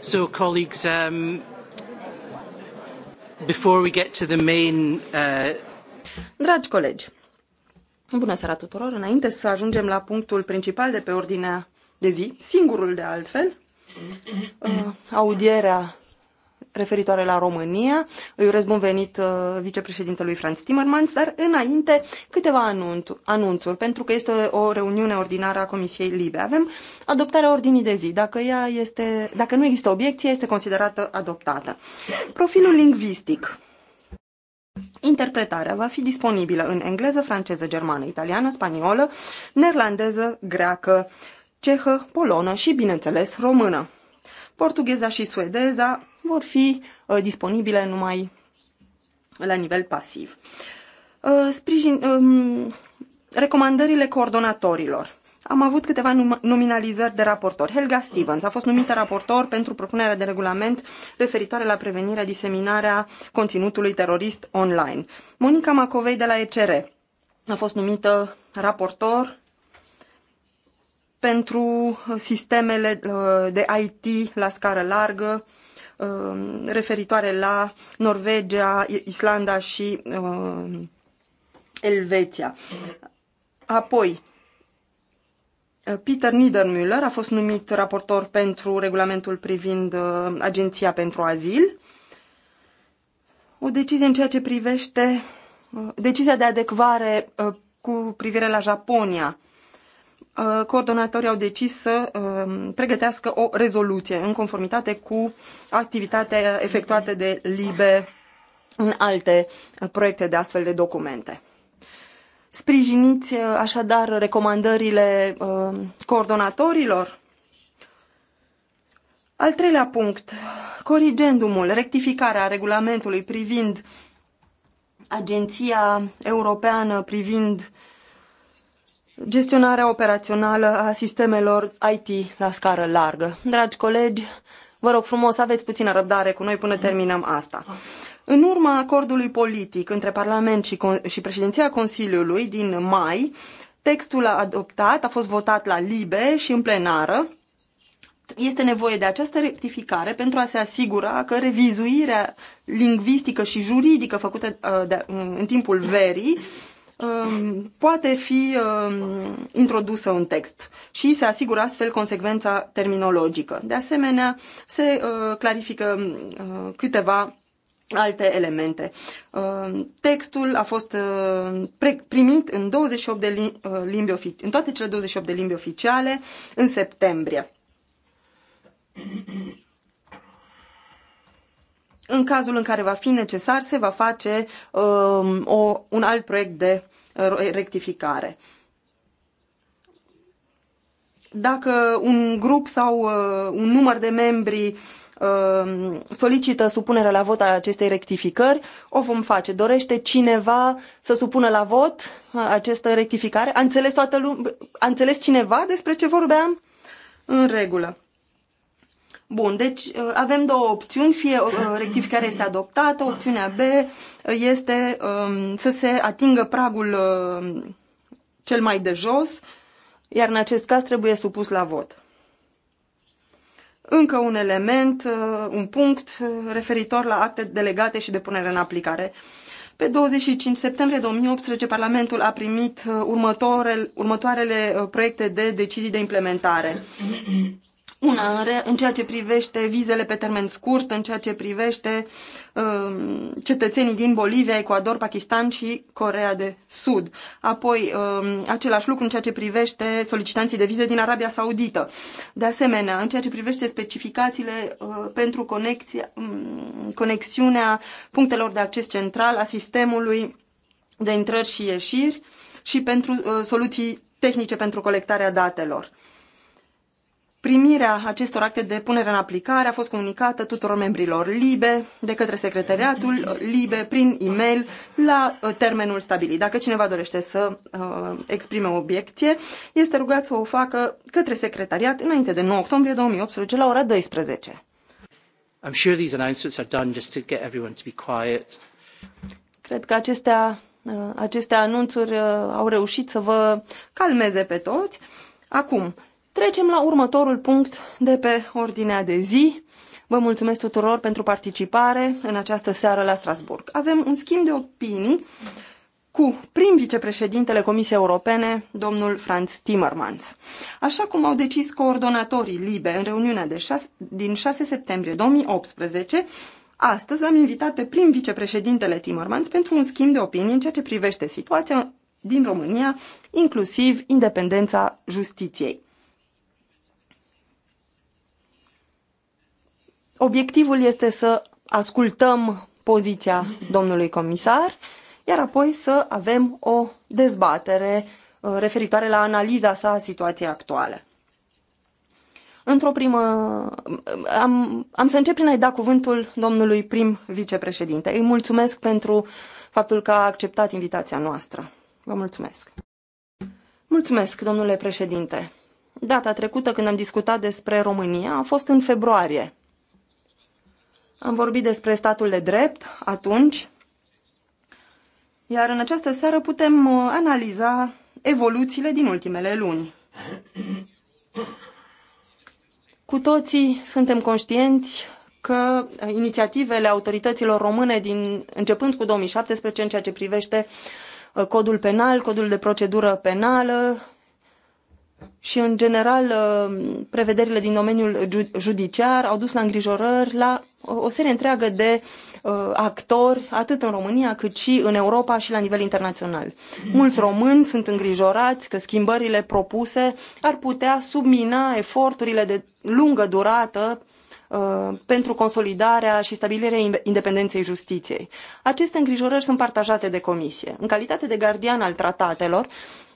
So, colleagues, um, before we get to the main, uh... Dragi colegi, bună seara tuturor. Înainte să ajungem la punctul principal de pe ordinea de zi, singurul de altfel, uh, audierea referitoare la România. Îi urez bun venit uh, vicepreședintelui Franz Timmermans, dar înainte câteva anunțuri, pentru că este o reuniune ordinară a Comisiei Libe. Avem adoptarea ordinii de zi. Dacă, ea este, dacă nu există obiecție, este considerată adoptată. Profilul lingvistic. Interpretarea va fi disponibilă în engleză, franceză, germană, italiană, spaniolă, neerlandeză, greacă, cehă, polonă și, bineînțeles, română. Portugheza și suedeza vor fi uh, disponibile numai la nivel pasiv. Uh, sprijin, um, recomandările coordonatorilor. Am avut câteva num nominalizări de raportor. Helga Stevens a fost numită raportor pentru propunerea de regulament referitoare la prevenirea diseminarea conținutului terorist online. Monica Macovei de la ECR a fost numită raportor pentru sistemele uh, de IT la scară largă Um, referitoare la Norvegia, Islanda și um, Elveția. Apoi, Peter Niedermüller a fost numit raportor pentru regulamentul privind uh, Agenția pentru Azil. O decizie în ceea ce privește uh, decizia de adecvare uh, cu privire la Japonia. Uh, coordonatorii au decis să um, pregătească o rezoluție în conformitate cu activitatea efectuată de LIBE în alte proiecte de astfel de documente. Sprijiniți uh, așadar recomandările um, coordonatorilor? Al treilea punct, corigendumul, rectificarea regulamentului privind Agenția Europeană privind uh, gestionarea operațională a sistemelor IT la scară largă. Dragi colegi, vă rog frumos, aveți puțină răbdare cu noi până terminăm asta. În urma acordului politic între Parlament și, și președinția Consiliului din mai, textul a adoptat a fost votat la LIBE și în plenară. Este nevoie de această rectificare pentru a se asigura că revizuirea lingvistică și juridică făcută uh, de, în timpul verii Um, poate fi um, introdusă în text și se asigură astfel consecvența terminologică. De asemenea, se uh, clarifică uh, câteva alte elemente. Um, textul a fost uh, primit în, 28 de limbi, în toate cele 28 de limbi oficiale în septembrie. În cazul în care va fi necesar, se va face um, o, un alt proiect de uh, rectificare. Dacă un grup sau uh, un număr de membri um, solicită supunerea la vot a acestei rectificări, o vom face. Dorește cineva să supună la vot uh, această rectificare? A înțeles, toată lume? a înțeles cineva despre ce vorbeam? În regulă. Bun, deci uh, avem două opțiuni, fie uh, rectificarea este adoptată, opțiunea B uh, este um, să se atingă pragul cel mai de jos, iar în acest caz trebuie supus la vot. Încă un element, un punct referitor la acte delegate și de punere în aplicare. Pe 25 septembrie 2018, Parlamentul a primit următoarele, următoarele proiecte de decizii de implementare. Una în, re, în ceea ce privește vizele pe termen scurt, în ceea ce privește um, cetățenii din Bolivia, Ecuador, Pakistan și Corea de Sud. Apoi, um, același lucru în ceea ce privește solicitanții de vize din Arabia Saudită. De asemenea, în ceea ce privește specificațiile uh, pentru conexia, um, conexiunea punctelor de acces central a sistemului de intrări și ieșiri și pentru uh, soluții tehnice pentru colectarea datelor. Primirea acestor acte de punere în aplicare a fost comunicată tuturor membrilor LIBE de către secretariatul LIBE prin e-mail la uh, termenul stabilit. Dacă cineva dorește să uh, exprime o obiecție, este rugat să o facă către secretariat înainte de 9 octombrie 2018 la ora 12. I'm sure these announcements are done just to get everyone to be quiet. Cred că acestea, uh, aceste anunțuri uh, au reușit să vă calmeze pe toți. Acum, Trecem la următorul punct de pe ordinea de zi. Vă mulțumesc tuturor pentru participare în această seară la Strasburg. Avem un schimb de opinii cu prim vicepreședintele Comisiei Europene, domnul Franz Timmermans. Așa cum au decis coordonatorii LIBE în reuniunea de 6, din 6 septembrie 2018, astăzi l-am invitat pe prim vicepreședintele Timmermans pentru un schimb de opinii în ceea ce privește situația din România, inclusiv independența justiției. Obiectivul este să ascultăm poziția domnului comisar, iar apoi să avem o dezbatere uh, referitoare la analiza sa a situației actuale. Într-o primă... Uh, am, am să încep prin a-i da cuvântul domnului prim vicepreședinte. Îi mulțumesc pentru faptul că a acceptat invitația noastră. Vă mulțumesc. Mulțumesc, domnule președinte. Data trecută când am discutat despre România a fost în februarie. Am vorbit despre statul de drept atunci, iar în această seară putem uh, analiza evoluțiile din ultimele luni. Cu toții suntem conștienți că uh, inițiativele autorităților române din, începând cu 2017 în ceea ce privește uh, codul penal, codul de procedură penală și în general prevederile din domeniul judiciar au dus la îngrijorări la o serie întreagă de uh, actori, atât în România cât și în Europa și la nivel internațional. Mulți români sunt îngrijorați că schimbările propuse ar putea submina eforturile de lungă durată uh, pentru consolidarea și stabilirea independenței justiției. Aceste îngrijorări sunt partajate de comisie. În calitate de gardian al tratatelor,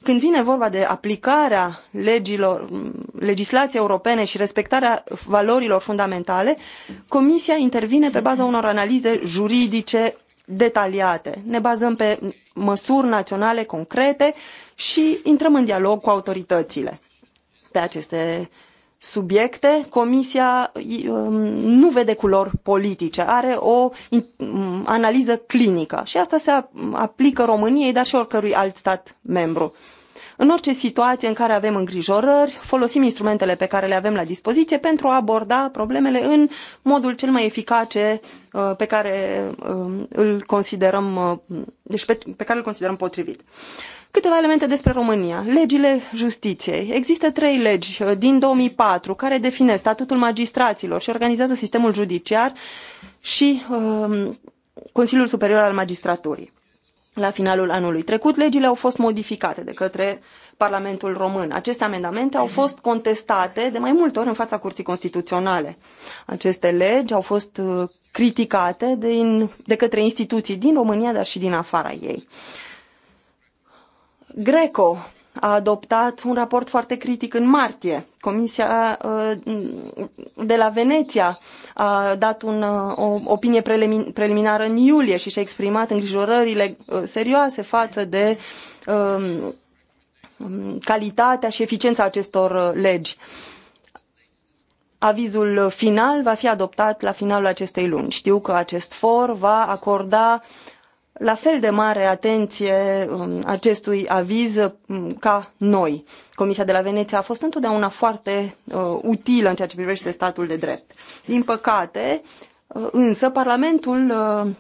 când vine vorba de aplicarea legilor, legislației europene și respectarea valorilor fundamentale, Comisia intervine pe baza unor analize juridice detaliate. Ne bazăm pe măsuri naționale concrete și intrăm în dialog cu autoritățile. Pe aceste subiecte, Comisia um, nu vede culori politice, are o um, analiză clinică și asta se aplică României, dar și oricărui alt stat membru. În orice situație în care avem îngrijorări, folosim instrumentele pe care le avem la dispoziție pentru a aborda problemele în modul cel mai eficace uh, pe care um, îl considerăm, uh, deci pe, pe care îl considerăm potrivit. Câteva elemente despre România. Legile justiției. Există trei legi uh, din 2004 care definesc statutul magistraților și organizează sistemul judiciar și um, Consiliul Superior al Magistraturii. La finalul anului trecut, legile au fost modificate de către Parlamentul Român. Aceste amendamente au fost contestate de mai multe ori în fața Curții Constituționale. Aceste legi au fost uh, criticate de, in, de către instituții din România, dar și din afara ei. Uh, Greco a adoptat un raport foarte critic în martie. Comisia uh, de la Veneția a dat un, uh, o opinie preliminară în iulie și și-a exprimat îngrijorările uh, serioase față de um, calitatea și eficiența acestor legi. Avizul final va fi adoptat la finalul acestei luni. Știu că acest for va acorda la fel de mare atenție um, acestui aviz um, ca noi. Comisia de la Veneția a fost întotdeauna foarte uh, utilă în ceea ce privește statul de drept. Din păcate, uh, însă, Parlamentul uh,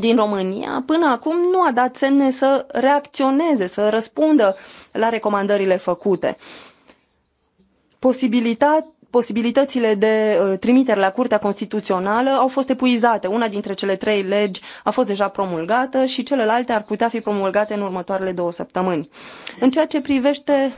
din România până acum nu a dat semne să reacționeze, să răspundă la recomandările făcute. Posibilitatea posibilitățile de uh, trimitere la Curtea Constituțională au fost epuizate. Una dintre cele trei legi a fost deja promulgată și celelalte ar putea fi promulgate în următoarele două săptămâni. În ceea ce privește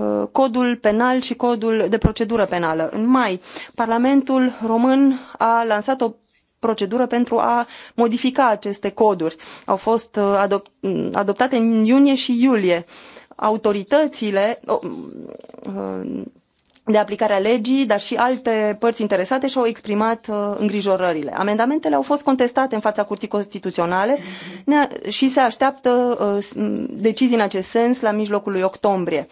uh, codul penal și codul de procedură penală. În mai, Parlamentul român a lansat o procedură pentru a modifica aceste coduri. Au fost uh, mm, adoptate în iunie și iulie. Autoritățile, mm, de aplicare a legii, dar și alte părți interesate și-au exprimat uh, îngrijorările. Amendamentele au fost contestate în fața Curții Constituționale și se așteaptă uh, decizii în acest sens la mijlocul lui octombrie.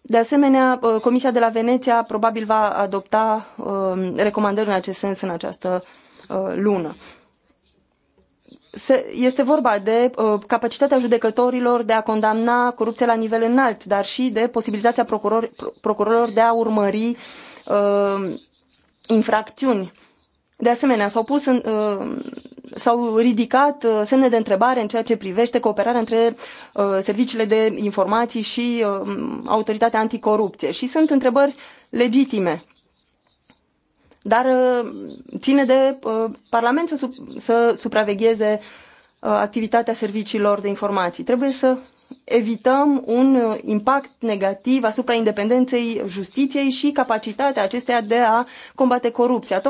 De asemenea, uh, Comisia de la Veneția probabil va adopta uh, recomandări în acest sens în această uh, lună. Uh, se, este vorba de uh, capacitatea judecătorilor de a condamna corupția la nivel înalt, dar și de posibilitatea procuror, procurorilor de a urmări uh, infracțiuni. De asemenea, s-au pus în, uh, s-au ridicat uh, semne de întrebare în ceea ce privește cooperarea între uh, serviciile de informații și uh, autoritatea anticorupție și sunt întrebări legitime dar uh, ține de uh, Parlament să, să supravegheze uh, activitatea serviciilor de informații. Trebuie să evităm un uh, impact negativ asupra independenței justiției și capacitatea acesteia de a combate corupția.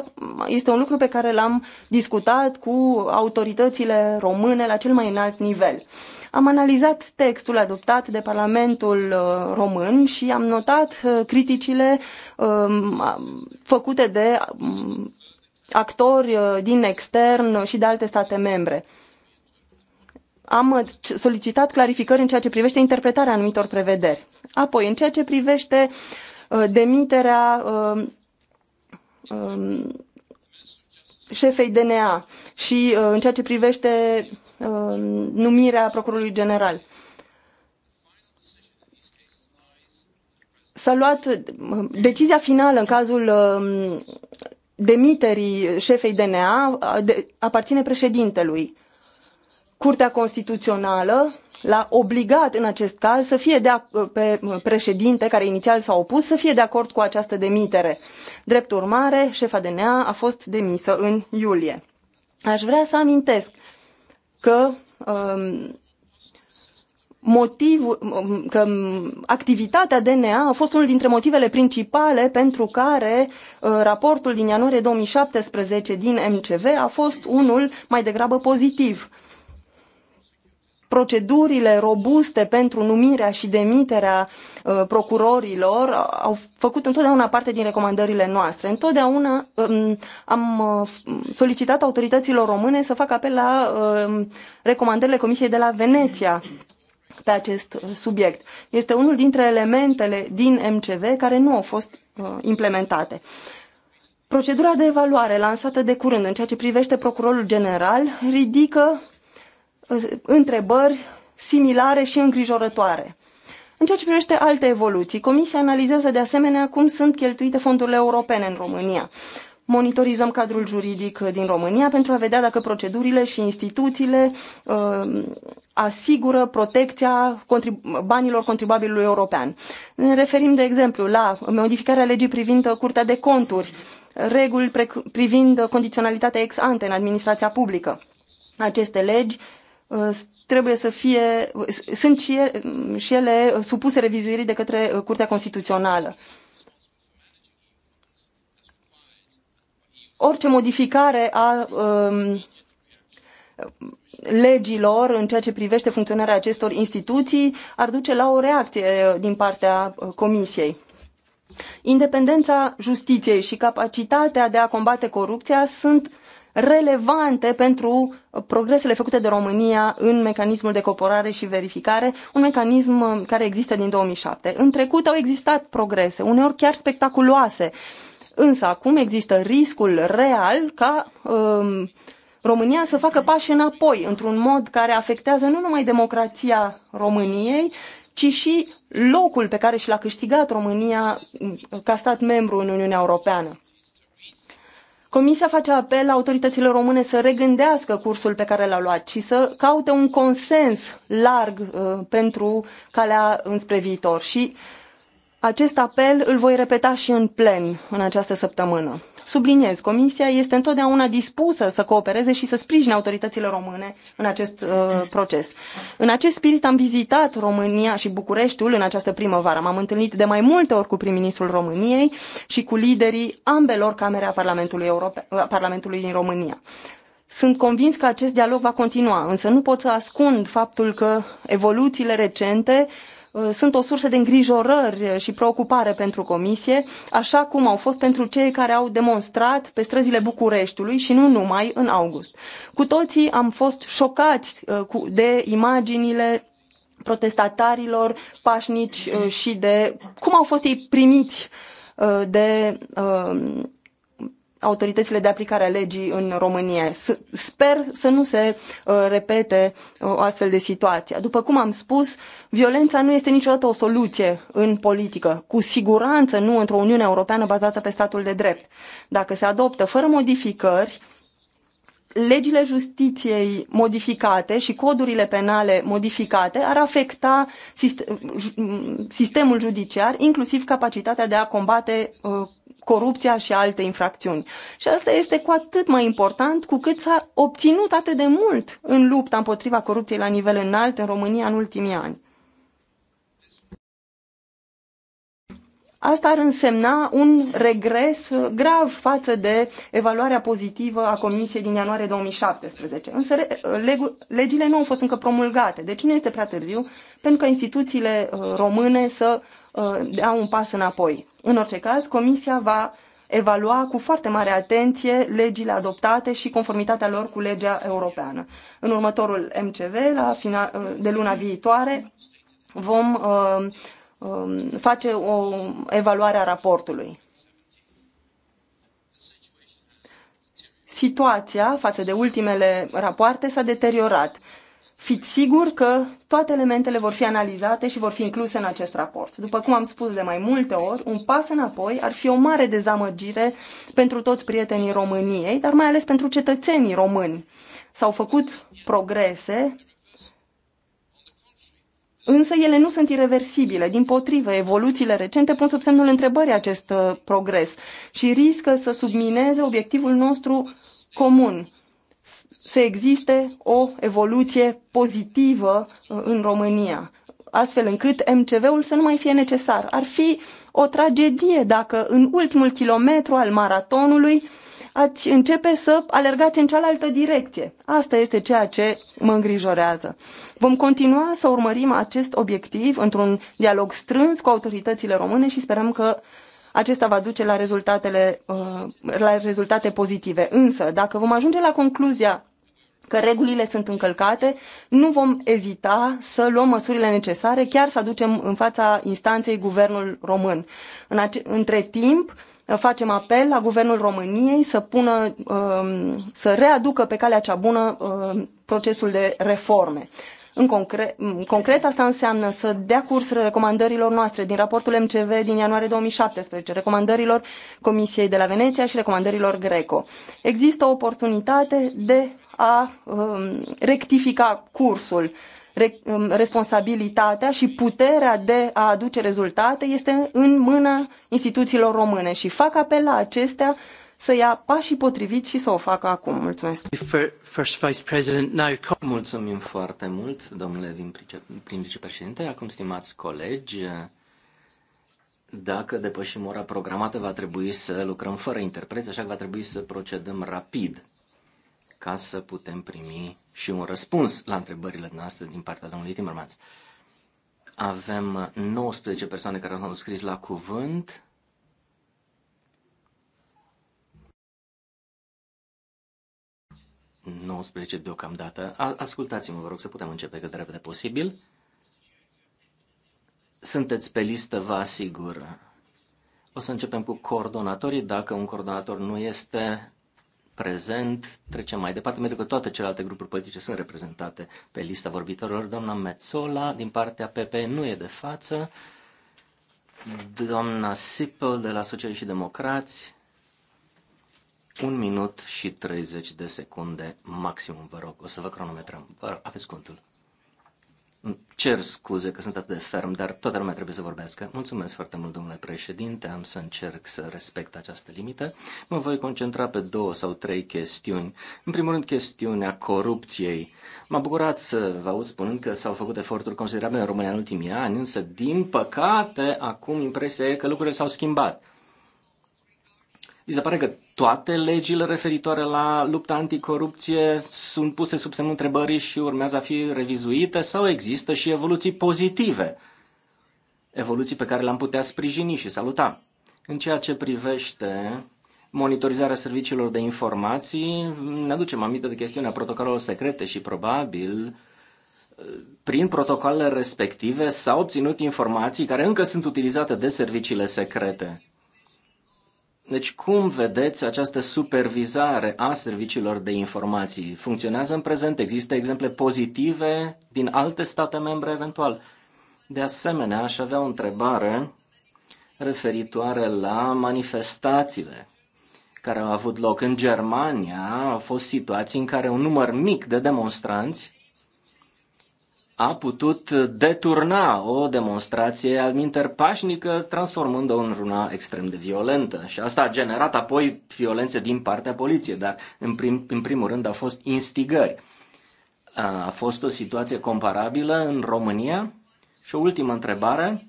Este un lucru pe care l-am discutat cu autoritățile române la cel mai înalt nivel. Am analizat textul adoptat de Parlamentul uh, român și am notat uh, criticile um, făcute de um, actori din extern și de alte state membre am uh, solicitat clarificări în ceea ce privește interpretarea anumitor prevederi. Apoi, în ceea ce privește uh, demiterea uh, um, șefei DNA și în ceea ce privește numirea procurorului general. S-a luat decizia finală în cazul um, demiterii șefei DNA aparține președintelui. Curtea Constituțională l-a obligat în acest caz să fie de pe președinte care inițial s-a opus să fie de acord cu această demitere. Drept urmare, șefa DNA a fost demisă în iulie. Aș vrea să amintesc că um, motivul, um, că activitatea DNA a fost unul dintre motivele principale pentru care uh, raportul din ianuarie 2017 din MCV a fost unul mai degrabă pozitiv procedurile robuste pentru numirea și demiterea uh, procurorilor au făcut întotdeauna parte din recomandările noastre. Întotdeauna um, am uh, solicitat autorităților române să facă apel la um, recomandările Comisiei de la Veneția pe acest uh, subiect. Este unul dintre elementele din MCV care nu au fost implementate. Procedura de evaluare lansată de curând în ceea ce privește procurorul general ridică întrebări similare și îngrijorătoare. În ceea ce privește alte evoluții, Comisia analizează de asemenea cum sunt cheltuite fondurile europene în România. Monitorizăm cadrul juridic din România pentru a vedea dacă procedurile și instituțiile uh, asigură protecția contrib- banilor contribuabilului european. Ne referim, de exemplu, la modificarea legii privind Curtea de Conturi, reguli privind condiționalitatea ex ante în administrația publică. Aceste legi Uh, trebuie să fie, uh, sunt și ele, și ele supuse revizuirii de către uh, Curtea Constituțională. Orice modificare a um, legilor în ceea ce privește funcționarea acestor instituții ar duce la o reacție din partea Comisiei. Independența justiției și capacitatea de a combate corupția sunt relevante pentru uh, progresele făcute de România în mecanismul de cooperare și verificare, un mecanism uh, care există din 2007. În trecut au existat progrese, uneori chiar spectaculoase, însă acum există riscul real ca um, România să facă pași înapoi, într-un mod care afectează nu numai democrația României, ci și locul pe care și l-a câștigat România mm, ca stat membru în Uniunea Europeană. Comisia face apel la autoritățile române să regândească cursul pe care l a luat și să caute un consens larg uh, pentru calea înspre viitor. Și uh, acest apel îl voi repeta și în plen în această săptămână. Subliniez, Comisia este întotdeauna dispusă să coopereze și să sprijine autoritățile române în acest uh, proces. În acest spirit am vizitat România și Bucureștiul în această primăvară. M-am întâlnit de mai multe ori cu prim-ministrul României și cu liderii ambelor camere a Parlamentului, Europe- Parlamentului din România. Sunt convins că acest dialog va continua, însă nu pot să ascund faptul că evoluțiile recente uh, Uh, sunt o sursă de îngrijorări și preocupare pentru comisie, așa cum au fost pentru cei care au demonstrat pe străzile Bucureștiului și nu numai în august. Cu toții am fost șocați uh, de imaginile protestatarilor pașnici uh, și de cum au fost ei primiți de autoritățile de aplicare a legii în România. Sper să nu se uh, repete uh, o astfel de situație. După cum am spus, violența nu este niciodată o soluție în politică, cu siguranță nu într-o Uniune Europeană bazată pe statul de drept. Dacă se adoptă fără modificări legile justiției modificate și codurile penale modificate ar afecta sistemul judiciar, inclusiv capacitatea de a combate uh, corupția și alte infracțiuni. Și asta este cu atât mai important cu cât s-a obținut atât de mult în lupta împotriva corupției la nivel înalt în România în ultimii ani. Asta ar însemna un regres grav față de evaluarea pozitivă a Comisiei din ianuarie 2017. Însă legile nu au fost încă promulgate, deci nu este prea târziu pentru că instituțiile uh, române să uh, dea un pas înapoi. În orice caz, Comisia va evalua cu foarte mare atenție legile adoptate și conformitatea lor cu legea europeană. În următorul MCV, la final, uh, de luna viitoare, vom uh, Um, face o evaluare a raportului. Situația față de ultimele rapoarte s-a deteriorat. Fiți sigur că toate elementele vor fi analizate și vor fi incluse în acest raport. După cum am spus de mai multe ori, un pas înapoi ar fi o mare dezamăgire pentru toți prietenii României, dar mai ales pentru cetățenii români. S-au făcut progrese Însă ele nu sunt irreversibile. Din potrivă, evoluțiile recente pun sub semnul întrebării acest uh, progres și riscă să submineze obiectivul nostru comun. să existe o evoluție pozitivă uh, în România, astfel încât MCV-ul să nu mai fie necesar. Ar fi o tragedie dacă în ultimul kilometru al maratonului uh, ați începe să alergați în cealaltă direcție. Asta este ceea ce mă îngrijorează. Vom continua să urmărim acest obiectiv într-un dialog strâns cu autoritățile române și sperăm că acesta va duce la, rezultatele, uh, la rezultate pozitive. Însă, dacă vom ajunge la concluzia că regulile sunt încălcate, nu vom ezita să luăm măsurile necesare, chiar să aducem în fața instanței guvernul român. În ace- între timp, Uh, facem apel la Guvernul României să pună, um, să readucă pe calea cea bună um, procesul de reforme. În concret, um, concret, asta înseamnă să dea curs recomandărilor noastre din raportul MCV din ianuarie 2017, recomandărilor Comisiei de la Veneția și recomandărilor Greco. Există o oportunitate de a um, rectifica cursul Um, responsabilitatea și puterea de a aduce rezultate este în mâna instituțiilor române și fac apel la acestea să ia pașii potriviți și să o facă acum. Mulțumesc. First Vice President, now... Mulțumim foarte mult, domnule prim-vicepreședinte. Acum, stimați colegi, dacă depășim ora programată, va trebui să lucrăm fără interpreți, așa că va trebui să procedăm rapid ca să putem primi și un răspuns la întrebările noastre din partea domnului Timmermans. Avem 19 persoane care au scris la cuvânt. ...19 deocamdată. Ascultați-mă, vă rog, să putem începe cât de repede posibil. Sunteți pe listă, vă asigur. O să începem cu coordonatorii. Dacă un coordonator nu este prezent. Trecem mai departe, pentru că toate celelalte grupuri politice sunt reprezentate pe lista vorbitorilor. Doamna Metzola, din partea PP, nu e de față. Doamna Sipel, de la Socialiști și Democrați, un minut și 30 de secunde maximum, vă rog. O să vă cronometrăm. Vă rog, aveți contul cer scuze că sunt atât de ferm, dar toată lumea trebuie să vorbească. Mulțumesc foarte mult, domnule președinte, am să încerc să respect această limită. Mă voi concentra pe două sau trei chestiuni. În primul rând, chestiunea corupției. M-a bucurat să vă aud spunând că s-au făcut eforturi considerabile în România în ultimii ani, însă, din păcate, acum impresia e că lucrurile s-au schimbat. Vi se pare că toate legile referitoare la lupta anticorupție sunt puse sub semnul întrebării și urmează a fi revizuite sau există și evoluții pozitive? Evoluții pe care le-am putea sprijini și saluta. În ceea ce privește monitorizarea serviciilor de informații, ne aducem aminte de chestiunea protocolelor secrete și probabil prin protocoalele respective s-au obținut informații care încă sunt utilizate de serviciile secrete. Deci cum vedeți această supervizare a serviciilor de informații? Funcționează în prezent? Există exemple pozitive din alte state membre eventual? De asemenea, aș avea o întrebare referitoare la manifestațiile care au avut loc în Germania. Au fost situații în care un număr mic de demonstranți a putut deturna o demonstrație alminter pașnică, transformând-o în una extrem de violentă. Și asta a generat apoi violențe din partea poliției, dar în, prim, în primul rând au fost instigări. A fost o situație comparabilă în România? Și o ultimă întrebare.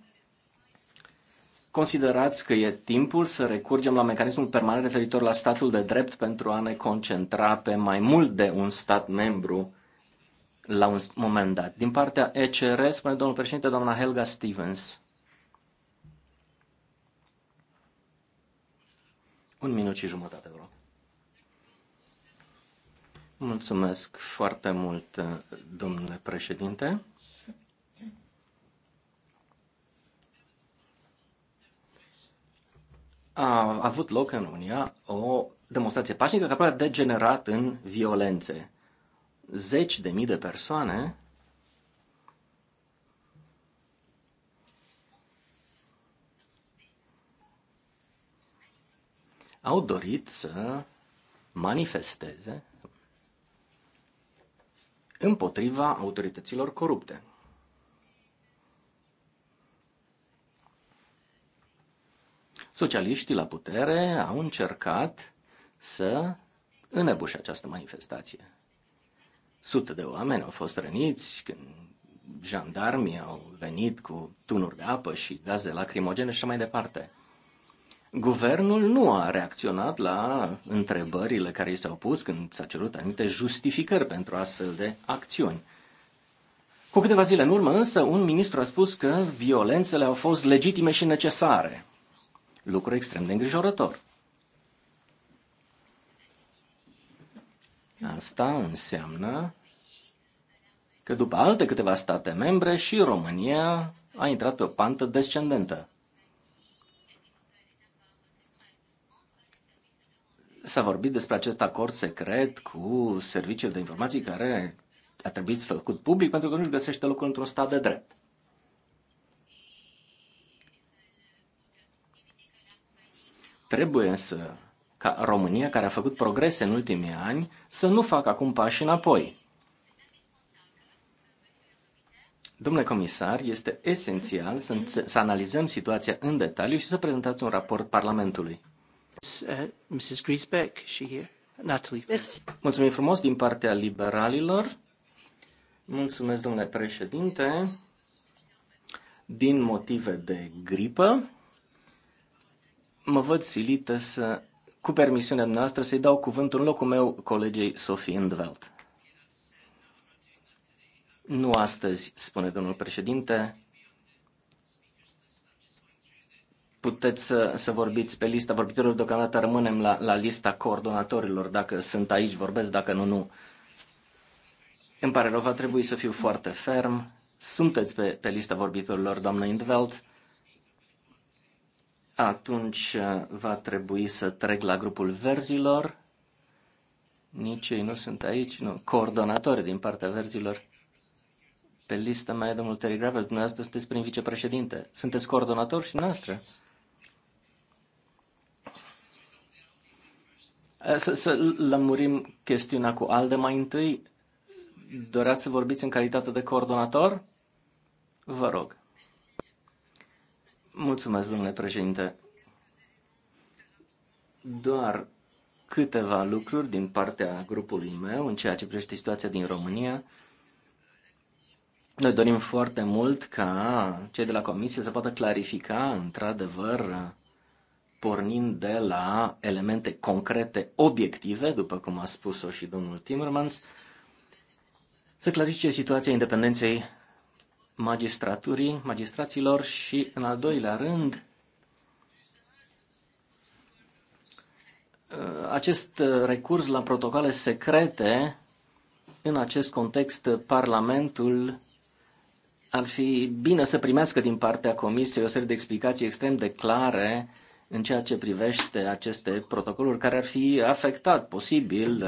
Considerați că e timpul să recurgem la mecanismul permanent referitor la statul de drept pentru a ne concentra pe mai mult de un stat membru la un moment dat. Din partea ECR, spune domnul președinte, doamna Helga Stevens. Un minut și jumătate, vă Mulțumesc foarte mult, domnule președinte. A avut loc în România o demonstrație pașnică care a degenerat în violențe zeci de mii de persoane au dorit să manifesteze împotriva autorităților corupte. Socialiștii la putere au încercat să înăbușe această manifestație. Sute de oameni au fost răniți când jandarmii au venit cu tunuri de apă și gaze lacrimogene și așa mai departe. Guvernul nu a reacționat la întrebările care i s-au pus când s-a cerut anumite justificări pentru astfel de acțiuni. Cu câteva zile în urmă, însă, un ministru a spus că violențele au fost legitime și necesare. Lucru extrem de îngrijorător. Asta înseamnă că după alte câteva state membre și România a intrat pe o pantă descendentă. S-a vorbit despre acest acord secret cu serviciul de informații care a trebuit făcut public pentru că nu-și găsește locul într-un stat de drept. Trebuie să ca România, care a făcut progrese în ultimii ani, să nu facă acum pași înapoi. Domnule comisar, este esențial să, să analizăm situația în detaliu și să prezentați un raport Parlamentului. Uh, Mrs. Griesbeck, she here. Natalie. Yes. Mulțumim frumos din partea liberalilor. Mulțumesc, domnule președinte. Din motive de gripă, mă văd silită să cu permisiunea noastră, să-i dau cuvântul în locul meu colegei Sophie Indveld. Nu astăzi, spune domnul președinte. Puteți să, să vorbiți pe lista vorbitorilor, deocamdată rămânem la, la lista coordonatorilor. Dacă sunt aici, vorbesc, dacă nu, nu. Îmi pare rău, va trebui să fiu foarte ferm. Sunteți pe, pe lista vorbitorilor, doamnă Indveld. Atunci uh, va trebui să trec la grupul verzilor. Nici ei nu sunt aici, nu. Coordonatori din partea verzilor. Pe lista mai e domnul Terry Gravel, dumneavoastră sunteți prin vicepreședinte. Sunteți coordonator și noastră. Uh, să, să lămurim chestiunea cu Alde mai întâi. Doreați să vorbiți în calitate de coordonator? Vă rog. Mulțumesc, domnule președinte. Doar câteva lucruri din partea grupului meu în ceea ce privește situația din România. Noi dorim foarte mult ca cei de la Comisie să poată clarifica, într-adevăr, pornind de la elemente concrete, obiective, după cum a spus-o și domnul Timmermans, să clarifice situația independenței magistraturii, magistraților și, în al doilea rând, uh, acest uh, recurs la protocoale secrete, în acest context, uh, Parlamentul ar fi bine să primească din partea Comisiei o serie de explicații extrem de clare în ceea ce privește aceste protocoluri care ar fi afectat posibil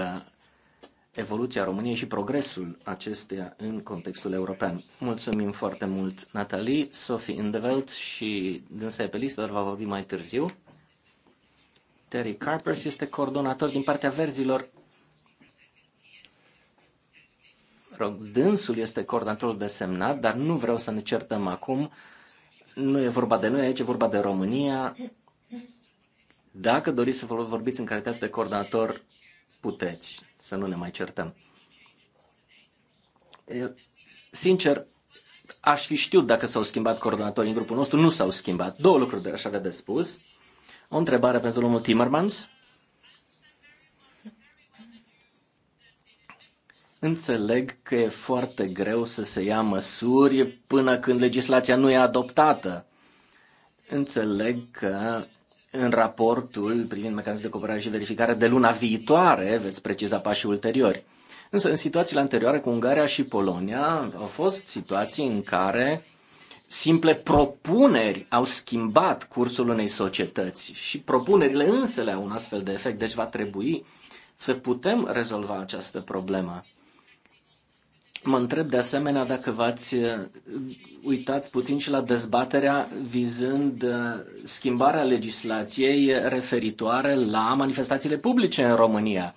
evoluția României și progresul acesteia în contextul european. Mulțumim foarte mult, Natalie, Sophie Indeveld și dânsa e pe listă, dar va vorbi mai târziu. Terry Carpers este coordonator din partea verzilor. Rog, dânsul este coordonatorul desemnat, dar nu vreau să ne certăm acum. Nu e vorba de noi aici, e vorba de România. Dacă doriți să vorbiți în calitate de coordonator, puteți să nu ne mai certăm. Sincer, aș fi știut dacă s-au schimbat coordonatorii în grupul nostru. Nu s-au schimbat. Două lucruri de așa de spus. O întrebare pentru domnul Timmermans. Înțeleg că e foarte greu să se ia măsuri până când legislația nu e adoptată. Înțeleg că în raportul privind mecanismul de cooperare și verificare de luna viitoare veți preciza pașii ulteriori. Însă în situațiile anterioare cu Ungaria și Polonia au fost situații în care simple propuneri au schimbat cursul unei societăți și propunerile însele au un astfel de efect, deci va trebui să putem rezolva această problemă. Mă întreb de asemenea dacă v-ați uh, uitat puțin și la dezbaterea vizând uh, schimbarea legislației referitoare la manifestațiile publice în România.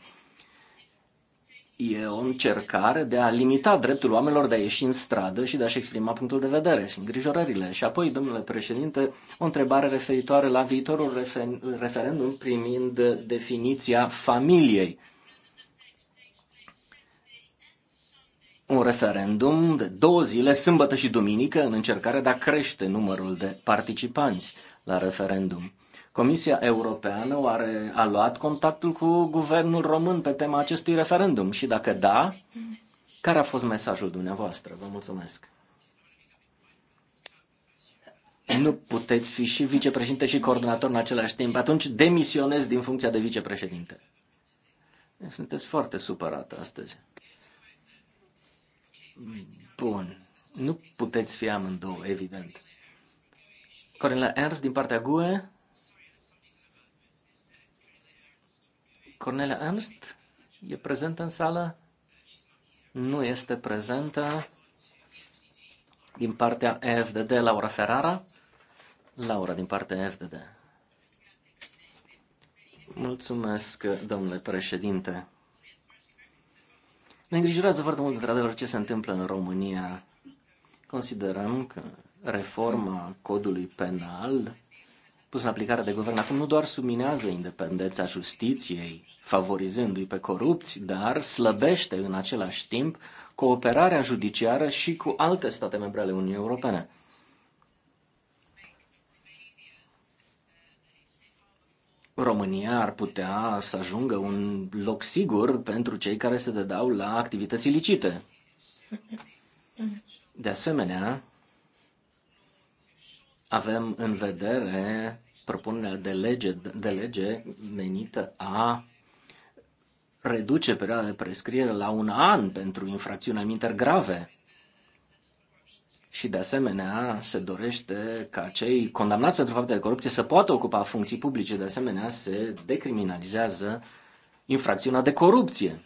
E o încercare de a limita dreptul oamenilor de a ieși în stradă și de a-și exprima punctul de vedere și îngrijorările. Și apoi, domnule președinte, o întrebare referitoare la viitorul referendum primind definiția familiei un referendum de două zile, sâmbătă și duminică, în încercarea de a crește numărul de participanți la referendum. Comisia Europeană oare a luat contactul cu guvernul român pe tema acestui referendum? Și dacă da, care a fost mesajul dumneavoastră? Vă mulțumesc. Nu puteți fi și vicepreședinte și coordonator în același timp. Atunci demisionez din funcția de vicepreședinte. Sunteți foarte supărată astăzi. Bun. Nu puteți fi amândouă, evident. Cornelia Ernst din partea GUE. Cornelia Ernst e prezentă în sală? Nu este prezentă. Din partea FDD, Laura Ferrara. Laura din partea FDD. Mulțumesc, domnule președinte. Ne îngrijorează foarte mult, într-adevăr, ce se întâmplă în România. Considerăm că reforma codului penal pus în aplicare de guvern acum nu doar subminează independența justiției, favorizându-i pe corupți, dar slăbește în același timp cooperarea judiciară și cu alte state membre ale Uniunii Europene. România ar putea să ajungă un loc sigur pentru cei care se dedau la activități ilicite. De asemenea, avem în vedere propunerea de lege, de lege menită a reduce perioada de prescriere la un an pentru infracțiuni aminter grave. Și de asemenea se dorește ca cei condamnați pentru fapte de corupție să poată ocupa funcții publice. De asemenea se decriminalizează infracțiunea de corupție.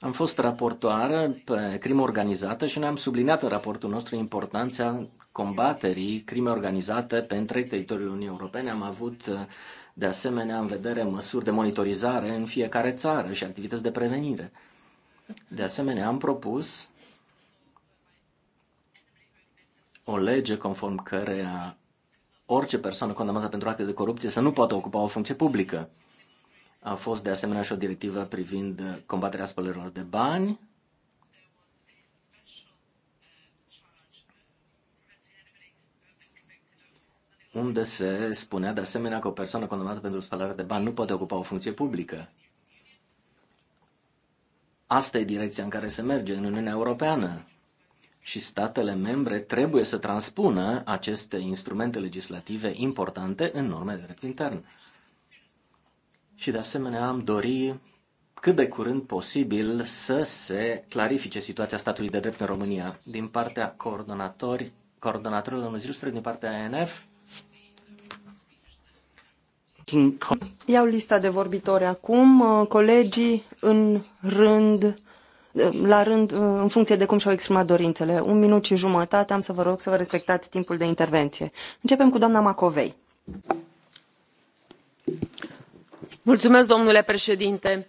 Am fost raportoare pe crimă organizată și ne-am subliniat în raportul nostru importanța combaterii crime organizate pe întreg teritoriul Uniunii Europene. Am avut de asemenea în vedere măsuri de monitorizare în fiecare țară și activități de prevenire. De asemenea, am propus o lege conform căreia orice persoană condamnată pentru acte de corupție să nu poată ocupa o funcție publică. A fost de asemenea și o directivă privind combaterea spălărilor de bani. unde se spunea de asemenea că o persoană condamnată pentru spălare de bani nu poate ocupa o funcție publică. Asta e direcția în care se merge în Uniunea Europeană și statele membre trebuie să transpună aceste instrumente legislative importante în norme de drept intern. Și de asemenea am dori cât de curând posibil să se clarifice situația statului de drept în România din partea coordonatori, coordonatorilor de ilustre din partea ANF. Iau lista de vorbitori acum, colegii în rând la rând, în funcție de cum și-au exprimat dorințele. Un minut și jumătate, am să vă rog să vă respectați timpul de intervenție. Începem cu doamna Macovei. Mulțumesc, domnule președinte.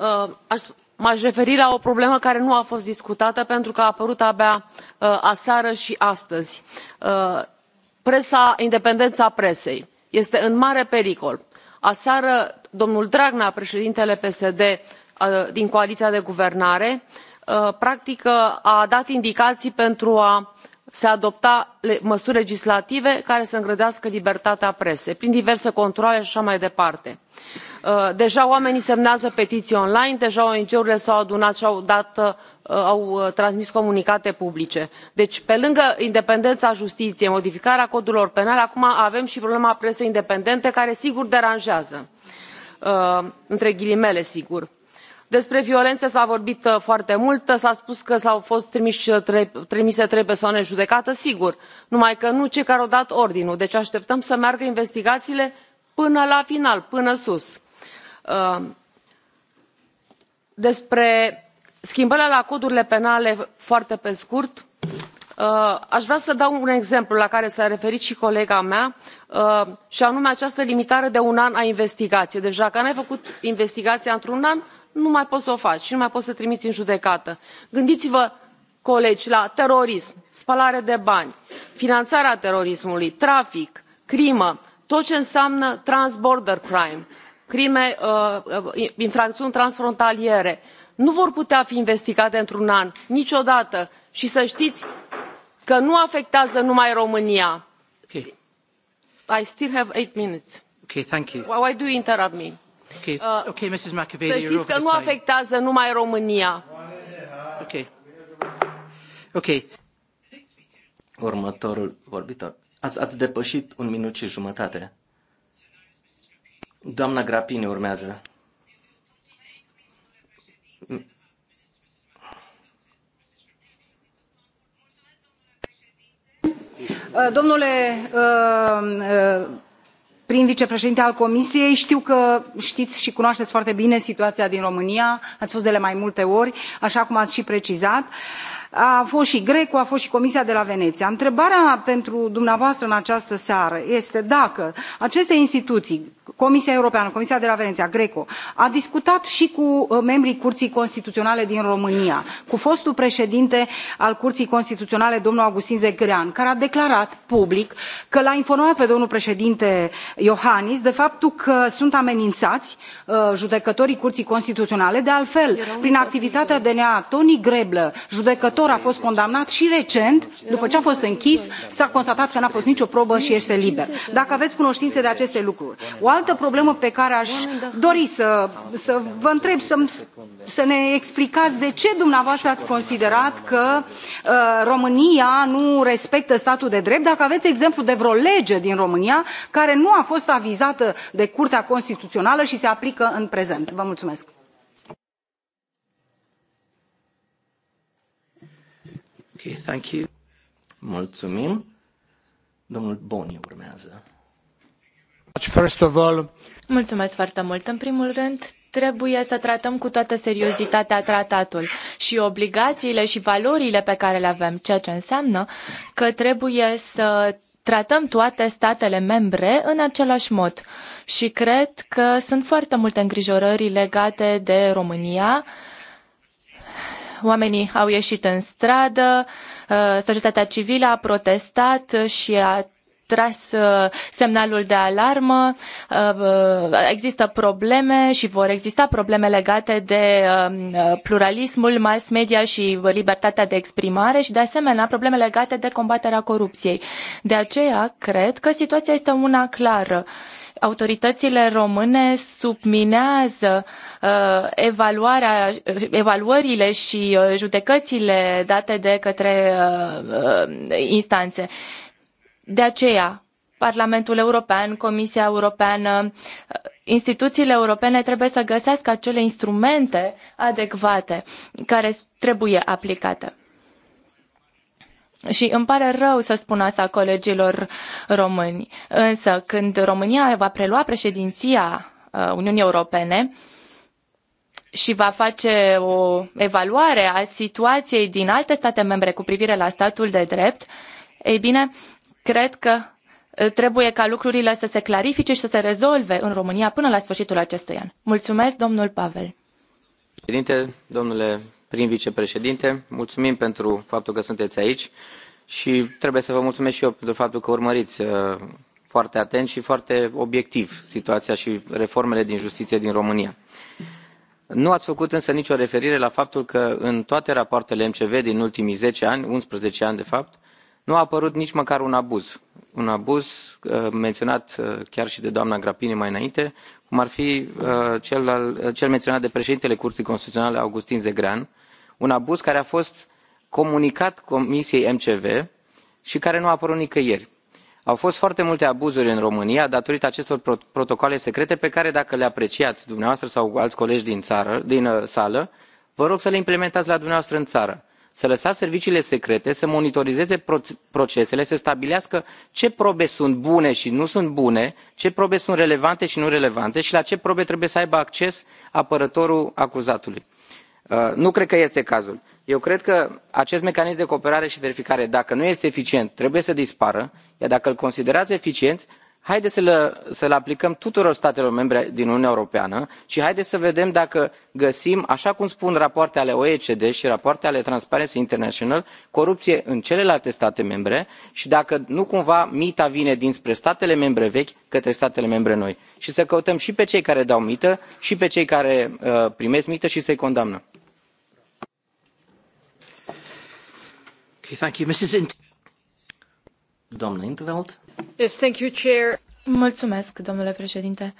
Uh, aș m aș referi la o problemă care nu a fost discutată pentru că a apărut abia uh, aseară și astăzi uh, presa independența presei este în mare pericol. aseară domnul dragnea președintele psd din coaliția de guvernare practic a dat indicații pentru a se adopta măsuri legislative care să îngrădească libertatea presei prin diverse controale și așa mai departe. deja oamenii semnează petiții online deja ong urile s au adunat și au, au transmis comunicate publice deci pe lângă independența justiției modificarea codurilor penale acum avem și problema presei independente care sigur deranjează între ghilimele sigur despre violențe s a vorbit uh, foarte mult s a spus că au fost uh, trimise trei, persoane în judecată sigur numai că nu cei care au dat ordinul deci așteptăm să meargă investigațiile până la final până sus. Uh, despre schimbările la codurile penale foarte pe scurt aș vrea să dau un exemplu la care s a referit și colega mea și anume această limitare de un an a investigației deci dacă n ai făcut investigația într un an nu mai poți să o faci și nu mai poți să trimiți în judecată. gândiți vă colegi la terorism spălare de bani finanțarea terorismului trafic crimă tot ce înseamnă trans border crime crime uh, uh, infracțiuni transfrontaliere nu vor putea fi investigate într un an niciodată și să știți că nu afectează numai românia. Okay. i still have eight minutes. Okay, thank you. why do you interrupt me? Uh, okay. Mrs. McAvey, să știți că nu afectează numai România. Ok. Okay. Următorul vorbitor. Ați, ați depășit un minut și jumătate. Doamna Grapini urmează. Uh, domnule uh, uh, prim vicepreședinte al comisiei știu că știți și cunoașteți foarte bine situația din românia ați fost de mai multe ori așa cum ați și precizat și a fost și greco a fost și comisia de la veneția. întrebarea pentru dumneavoastră în această seară este dacă aceste instituții comisia europeană comisia de la veneția greco a discutat și cu uh, membrii curții constituționale din românia cu fostul președinte al curții constituționale domnul augustin zegrean care a declarat public că l a informat pe domnul președinte iohannis de faptul că sunt amenințați uh, judecătorii curții constituționale de altfel prin activitatea dna tony Greblă, judecător autor a fost condamnat și recent, după ce a fost închis, s-a constatat că n-a fost nicio probă și este liber. Dacă aveți cunoștințe de aceste lucruri. O altă problemă pe care aș dori să, să vă întreb, să, să ne explicați de ce dumneavoastră ați considerat că uh, România nu respectă statul de drept, dacă aveți exemplu de vreo lege din România care nu a fost avizată de Curtea Constituțională și se aplică în prezent. Vă mulțumesc. Ok, thank you. Mulțumim. Domnul Boni urmează. First of all... Mulțumesc foarte mult. În primul rând, trebuie să tratăm cu toată seriozitatea tratatul și obligațiile și valorile pe care le avem, ceea ce înseamnă că trebuie să tratăm toate statele membre în același mod. Și cred că sunt foarte multe îngrijorări legate de România, oamenii au ieșit în stradă, uh, societatea civilă a protestat și a tras uh, semnalul de alarmă. Uh, există probleme și vor exista probleme legate de um, pluralismul mass media și libertatea de exprimare și de asemenea probleme legate de combaterea corupției. De aceea cred că situația este una clară. Autoritățile române subminează uh, Uh, evaluarea, uh, evaluările și uh, judecățile date de către instanțe. De aceea, Parlamentul European, Comisia Europeană, instituțiile europene trebuie să găsească acele instrumente adecvate care trebuie aplicate. Și îmi pare rău să spun asta colegilor români, însă când România va prelua președinția Uniunii Europene, și va face o evaluare a situației din alte state membre cu privire la statul de drept, ei bine, cred că trebuie ca lucrurile să se clarifice și să se rezolve în România până la sfârșitul acestui an. Mulțumesc, domnul Pavel. Președinte, domnule prim vicepreședinte, mulțumim pentru faptul că sunteți aici și trebuie să vă mulțumesc și eu pentru faptul că urmăriți foarte atent și foarte obiectiv situația și reformele din justiție din România nu ați făcut însă nicio referire la faptul că în toate rapoartele MCV din ultimii 10 ani, 11 ani de fapt, nu a apărut nici măcar un abuz. Un abuz uh, menționat uh, chiar și de doamna Grapini mai înainte, cum ar fi uh, cel, al, cel menționat de președintele Curții Constituționale, Augustin Zegrean, un abuz care a fost comunicat Comisiei MCV și care nu a apărut nicăieri au fost foarte multe abuzuri în românia datorită acestor protocoale secrete pe care dacă le apreciați dumneavoastră sau alți colegi din, țară, din uh, sală vă rog să le implementați la dumneavoastră în țară să lăsați serviciile secrete să monitorizeze procesele să stabilească ce probe sunt bune și nu sunt bune ce probe sunt relevante și nu relevante și la ce probe trebuie să aibă acces apărătorul acuzatului. Uh, nu cred că este cazul. eu cred că acest mecanism de cooperare și verificare dacă nu este eficient trebuie să dispară iar dacă îl considerați eficient haideți să l aplicăm tuturor statelor membre din uniunea europeană și haideți să vedem dacă găsim așa cum spun rapoarte ale oecd și rapoarte ale transparency international corupție în celelalte state membre și dacă nu cumva mita vine dinspre statele membre vechi către statele membre noi și să căutăm și pe cei care dau mită și pe cei care uh, primesc mită și să i condamnăm. Okay, Doamna Intveld. Yes, thank you, Chair. Mulțumesc, domnule președinte.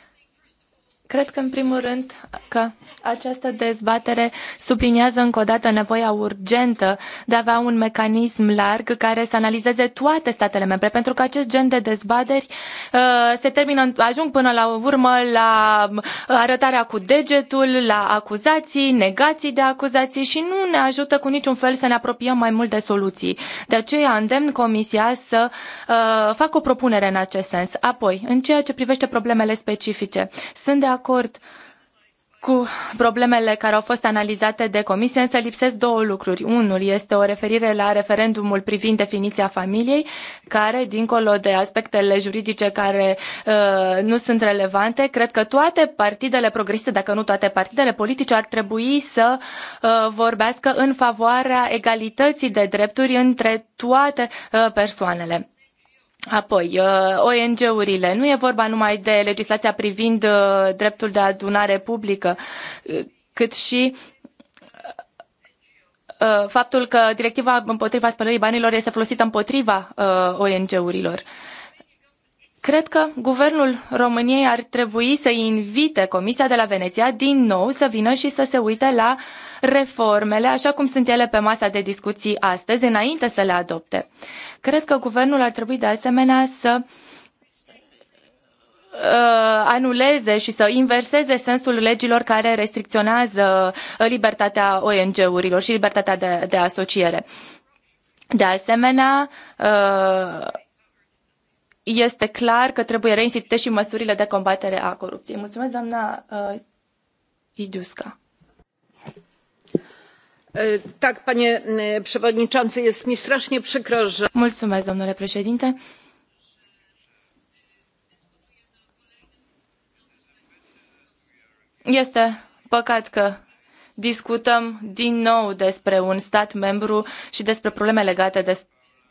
Cred că, în primul rând, că această dezbatere subliniază încă o dată nevoia urgentă de a avea un mecanism larg care să analizeze toate statele membre, pentru că acest gen de dezbateri uh, se termină, ajung până la urmă la arătarea cu degetul, la acuzații, negații de acuzații și nu ne ajută cu niciun fel să ne apropiem mai mult de soluții. De aceea îndemn Comisia să uh, facă o propunere în acest sens. Apoi, în ceea ce privește problemele specifice, sunt de acord cu problemele care au fost analizate de comisie, însă lipsesc două lucruri. Unul este o referire la referendumul privind definiția familiei, care, dincolo de aspectele juridice care uh, nu sunt relevante, cred că toate partidele progresiste, dacă nu toate partidele politice, ar trebui să uh, vorbească în favoarea egalității de drepturi între toate uh, persoanele. Apoi, uh, ONG-urile. Nu e vorba numai de legislația privind uh, dreptul de adunare publică, uh, cât și faptul că directiva împotriva spălării banilor este folosită împotriva ONG-urilor. Cred că guvernul României ar trebui să invite Comisia de la Veneția din nou să vină și să se uite la reformele așa cum sunt ele pe masa de discuții astăzi, înainte să le adopte. Cred că guvernul ar trebui de asemenea să uh, anuleze și să inverseze sensul legilor care restricționează libertatea ONG-urilor și libertatea de, de asociere. De asemenea, uh, este clar că trebuie reinstituite și măsurile de combatere a corupției. Mulțumesc, doamna uh, Idiusca. Tak, panie przewodniczący, jest mi strasznie przykro, że... Mulțumesc, domnule președinte. Este păcat că discutăm din nou despre un stat membru și despre probleme legate de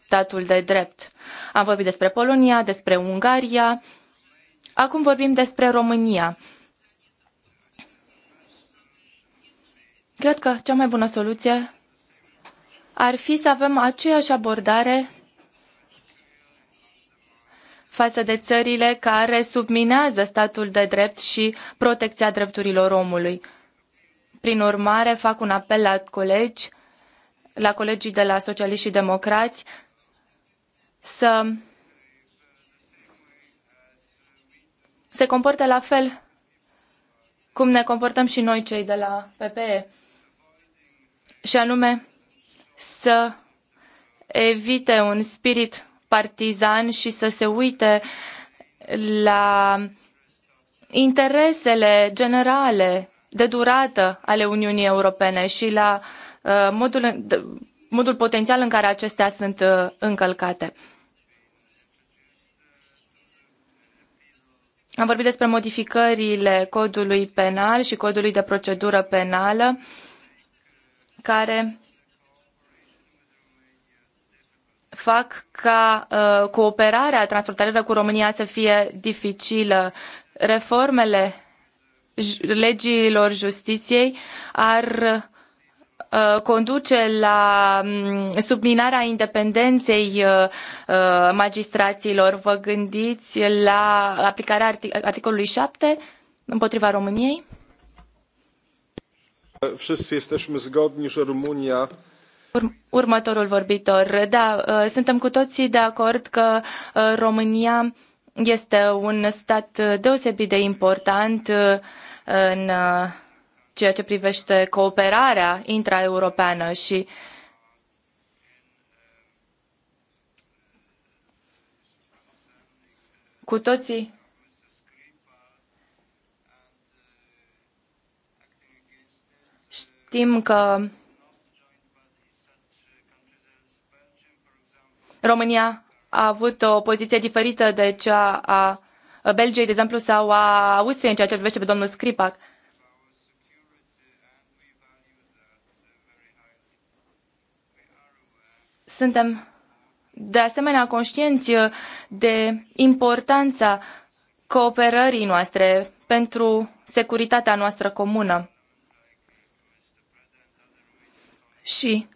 statul de drept. Am vorbit despre Polonia, despre Ungaria, acum vorbim despre România. Cred că cea mai bună soluție ar fi să avem aceeași abordare față de țările care subminează statul de drept și protecția drepturilor omului. Prin urmare, fac un apel la colegi, la colegii de la Socialiști și Democrați, să se comporte la fel cum ne comportăm și noi cei de la PPE. Și anume să evite un spirit partizan și să se uite la interesele generale de durată ale Uniunii Europene și la uh, modul, modul potențial în care acestea sunt uh, încălcate. Am vorbit despre modificările codului penal și codului de procedură penală care fac ca uh, cooperarea transfrontalieră cu România să fie dificilă. Reformele legilor justiției ar Uh, conduce la um, subminarea independenței uh, uh, magistraților. Vă gândiți la aplicarea articolului 7 împotriva României? Următorul vorbitor. Da, suntem cu toții de acord că România este un stat deosebit de important în ceea ce privește cooperarea intraeuropeană și cu toții știm că România a avut o poziție diferită de cea a Belgiei, de exemplu, sau a Austriei în ceea ce privește pe domnul Scripac. Suntem de asemenea conștienți uh, de importanța cooperării noastre pentru securitatea noastră comună. Și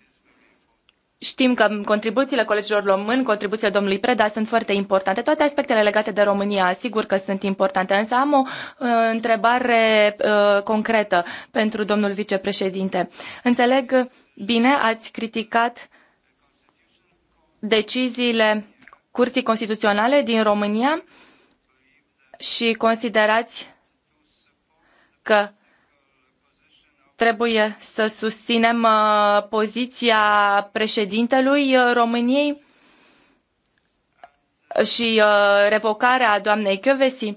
știm că contribuțiile colegilor români, contribuțiile domnului Preda sunt foarte importante. Toate aspectele legate de România, sigur că sunt importante, însă am o uh, întrebare uh, concretă pentru domnul vicepreședinte. Înțeleg bine, ați criticat deciziile Curții Constituționale din România și considerați că trebuie să susținem uh, poziția președintelui uh, României și uh, revocarea doamnei Chiovesi.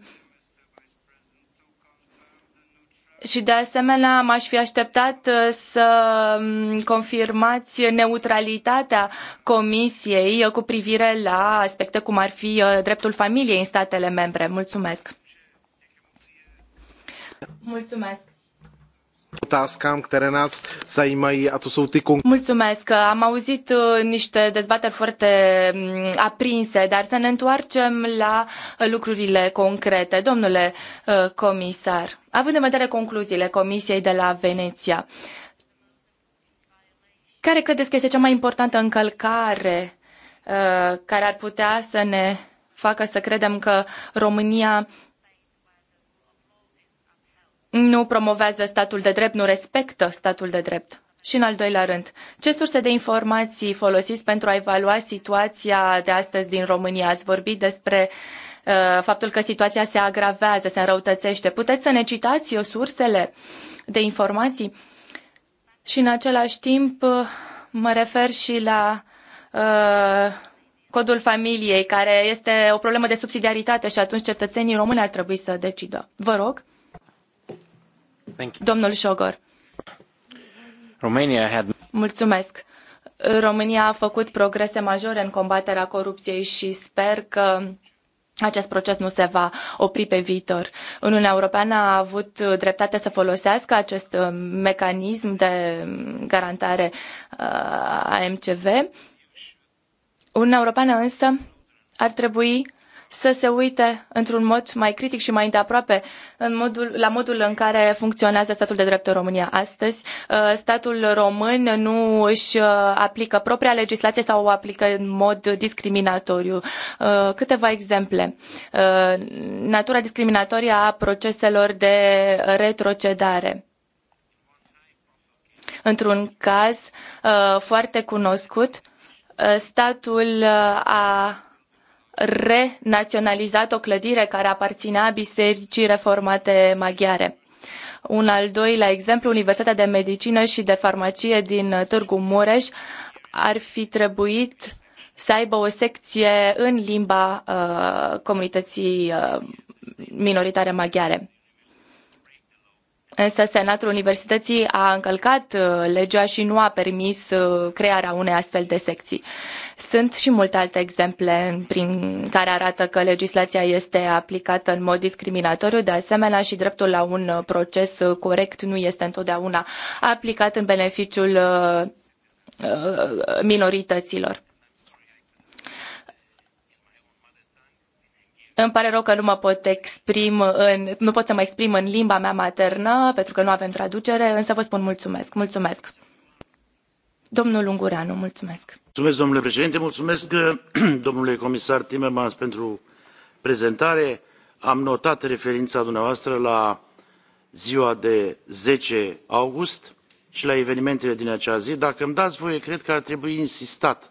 Și de asemenea, m-aș fi așteptat uh, să mm, confirmați neutralitatea Comisiei uh, cu privire la aspecte cum ar fi uh, dreptul familiei în statele membre. Mulțumesc! Mulțumesc! otázkám, které nás zajímají a to jsou ty Mulțumesc, am auzit uh, niște dezbateri foarte mm, aprinse, dar să ne întoarcem la uh, lucrurile concrete. Domnule uh, comisar, având în vedere concluziile Comisiei de la Veneția, care credeți că este cea mai importantă încălcare care ar putea să ne facă să credem că România nu promovează statul de drept, nu respectă statul de drept. Și în al doilea rând, ce surse de informații folosiți pentru a evalua situația de astăzi din România? Ați vorbit despre uh, faptul că situația se agravează, se înrăutățește. Puteți să ne citați o uh, sursele de informații? Și în același timp uh, mă refer și la uh, codul familiei, care este o problemă de subsidiaritate și atunci cetățenii români ar trebui să decidă. Vă rog. Domnul Șogor. Romania had... Mulțumesc. România a făcut progrese majore în combaterea corupției și sper că acest proces nu se va opri pe viitor. Uniunea Europeană a avut dreptate să folosească acest uh, mecanism de um, garantare uh, a MCV. Uniunea Europeană însă ar trebui să se uite într-un mod mai critic și mai îndeaproape în modul, la modul în care funcționează statul de drept în România astăzi. Uh, statul român nu își uh, aplică propria legislație sau o aplică în mod discriminatoriu. Uh, câteva exemple. Natura discriminatorie a proceselor de retrocedare într-un caz uh, foarte cunoscut. Statul a renaționalizat o clădire care aparținea Bisericii Reformate Maghiare. Un al doilea exemplu, Universitatea de Medicină și de Farmacie din Târgu Mureș ar fi trebuit să aibă o secție în limba uh, comunității uh, minoritare maghiare. Însă Senatul Universității a încălcat uh, legea și nu a permis uh, crearea unei astfel de secții. Sunt și multe alte exemple prin care arată că legislația este aplicată în mod discriminatoriu, de asemenea și dreptul la un uh, proces corect nu este întotdeauna aplicat în beneficiul minorităților. Îmi pare rău că nu mă pot exprim în, nu pot să mă exprim în limba mea maternă, pentru că nu avem traducere, însă vă spun mulțumesc, mulțumesc. Domnul Ungureanu, mulțumesc. Mulțumesc, domnule președinte, mulțumesc domnule comisar Timmermans pentru prezentare. Am notat referința dumneavoastră la ziua de 10 august și la evenimentele din acea zi. Dacă îmi dați voie, cred că ar trebui insistat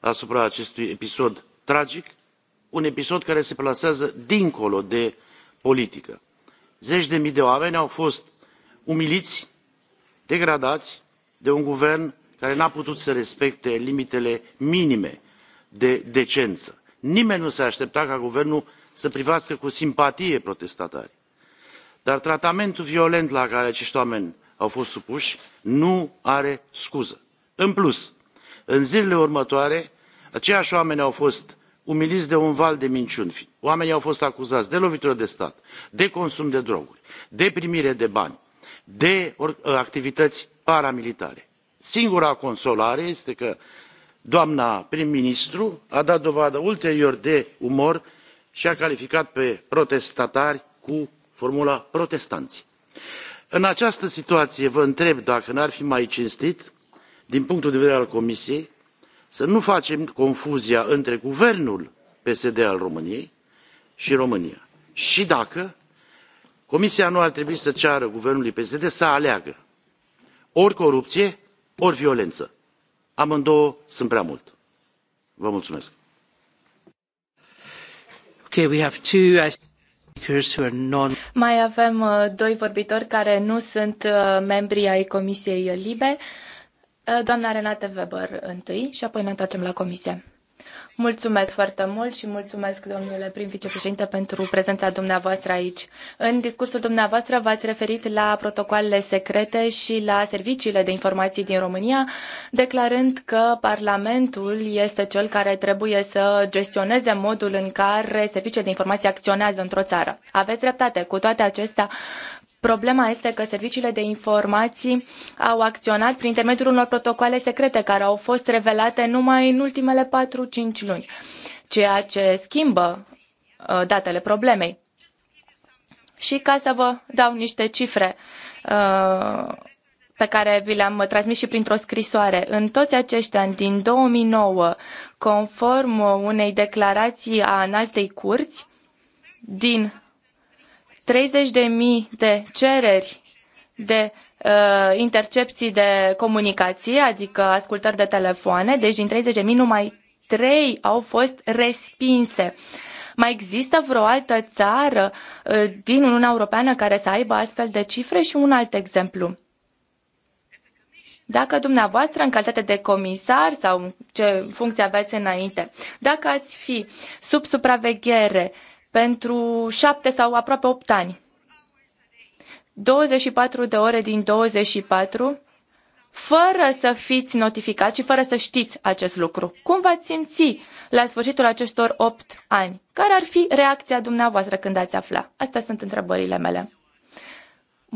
asupra acestui episod tragic un episod care se plasează dincolo de politică. Zeci de mii de oameni au fost umiliți, degradați de un guvern care n-a putut să respecte limitele minime de decență. Nimeni nu se aștepta ca guvernul să privească cu simpatie protestatarii. Dar tratamentul violent la care acești oameni au fost supuși nu are scuză. În plus, în zilele următoare, aceiași oameni au fost umiliți de un val de minciuni. Oamenii au fost acuzați de lovitură de stat, de consum de droguri, de primire de bani, de ă, activități paramilitare. Singura consolare este că doamna prim-ministru a dat dovadă ulterior de umor și a calificat pe protestatari cu formula protestanți. În această situație vă întreb dacă n-ar fi mai cinstit, din punctul de vedere al Comisiei, să nu facem confuzia între guvernul psd al româniei și românia și dacă comisia nu ar trebui să ceară guvernului psd să aleagă ori corupție ori violență amândouă sunt prea mult. vă mulțumesc. Okay, we have two speakers who are non mai avem uh, doi vorbitori care nu sunt uh, membri ai Comisiei Libe. Eh, doamna Renate Weber întâi și apoi ne întoarcem la comisie. Mulțumesc foarte mult și mulțumesc, domnule prim vicepreședinte, pentru prezența dumneavoastră aici. În discursul dumneavoastră v-ați referit la protocoalele secrete și la serviciile de informații din România, declarând că Parlamentul este cel care trebuie să gestioneze modul în care serviciile de informații acționează într-o țară. Aveți dreptate. Cu toate acestea, Problema este că serviciile de informații au acționat prin intermediul unor protocoale secrete care au fost revelate numai în ultimele 4-5 luni, ceea ce schimbă uh, datele problemei. Și ca să vă dau niște cifre uh, pe care vi le-am transmis și printr-o scrisoare. În toți acești ani, din 2009, conform unei declarații a înaltei curți, din 30.000 de de cereri de uh, intercepții de comunicație, adică ascultări de telefoane, deci din 30.000 numai 3 au fost respinse. Mai există vreo altă țară uh, din Uniunea Europeană care să aibă astfel de cifre și un alt exemplu. Dacă dumneavoastră, în calitate de comisar sau ce funcție aveți înainte, dacă ați fi sub supraveghere uh, pentru șapte sau aproape opt ani. 24 de ore din 24, fără să fiți notificat și fără să știți acest lucru. Cum v-ați simți la sfârșitul acestor opt ani? Care ar fi reacția dumneavoastră când ați afla? Astea sunt întrebările mele.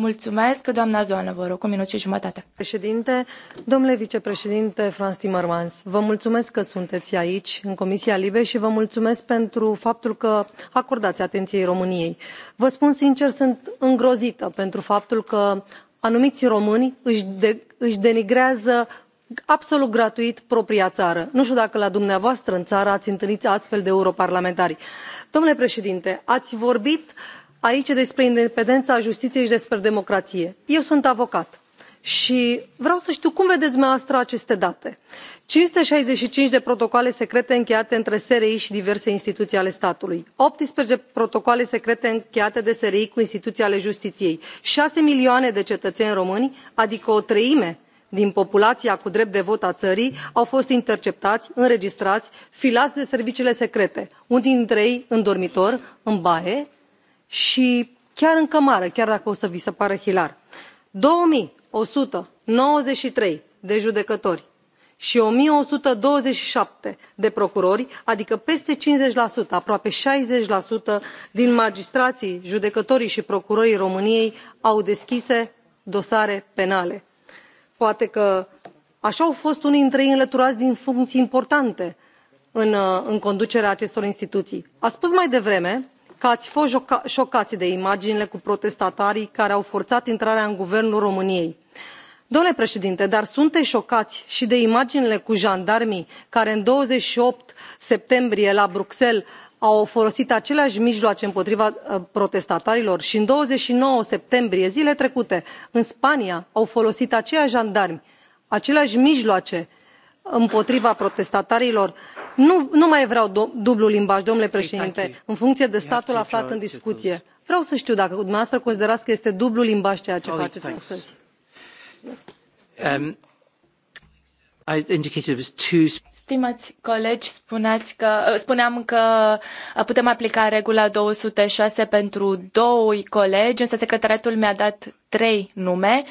Mulțumesc, doamna Zoană, vă rog, un minut și jumătate. Președinte, domnule vicepreședinte Franz Timmermans, vă mulțumesc că sunteți aici, în Comisia Libe, și vă mulțumesc pentru faptul că acordați atenției României. Vă spun sincer, sunt îngrozită pentru faptul că anumiți români își, de, își denigrează absolut gratuit propria țară. Nu știu dacă la dumneavoastră în țară ați întâlnit astfel de europarlamentari. Domnule președinte, ați vorbit uh, aici e despre independența justiției și despre democrație. eu sunt avocat și vreau să știu cum vedeți dumneavoastră aceste date cinci sute șaizeci și cinci de protocoale secrete încheiate între sri și diverse instituții ale statului optsprezece protocoale secrete încheiate de sri cu instituții ale justiției șase milioane de cetățeni români adică o treime din populația cu drept de vot a țării au fost interceptați înregistrați filați de serviciile secrete unii dintre ei în dormitor în baie și chiar în cămară, chiar dacă o să vi se pară hilar. 2193 de judecători și 1127 de procurori, adică peste 50%, aproape 60% din magistrații, judecătorii și procurorii României au deschise dosare penale. Poate că așa au fost unii dintre ei înlăturați din funcții importante în, uh, în conducerea acestor instituții. A spus mai devreme că ați fost șocați de imaginile cu protestatarii care au forțat intrarea în guvernul româniei. domnule președinte dar sunteți șocați și de imaginile cu jandarmii care în douăzeci și opt septembrie la bruxelles au folosit aceleași mijloace împotriva uh, protestatarilor și în douăzeci și nouă septembrie zilele trecute în spania au folosit aceiași jandarmi aceleași mijloace împotriva protestatarilor? Nu, nu mai vreau dublu limbaj domnule păi, președinte în funcție de statul aflat în discuție. vreau să știu dacă dumneavoastră considerați că este dublu limbaj ceea ce oh, faceți astăzi. Um, Stimați colegi, spuneați că, spuneam că putem aplica regula 206 pentru doi colegi, însă secretariatul mi-a dat trei nume,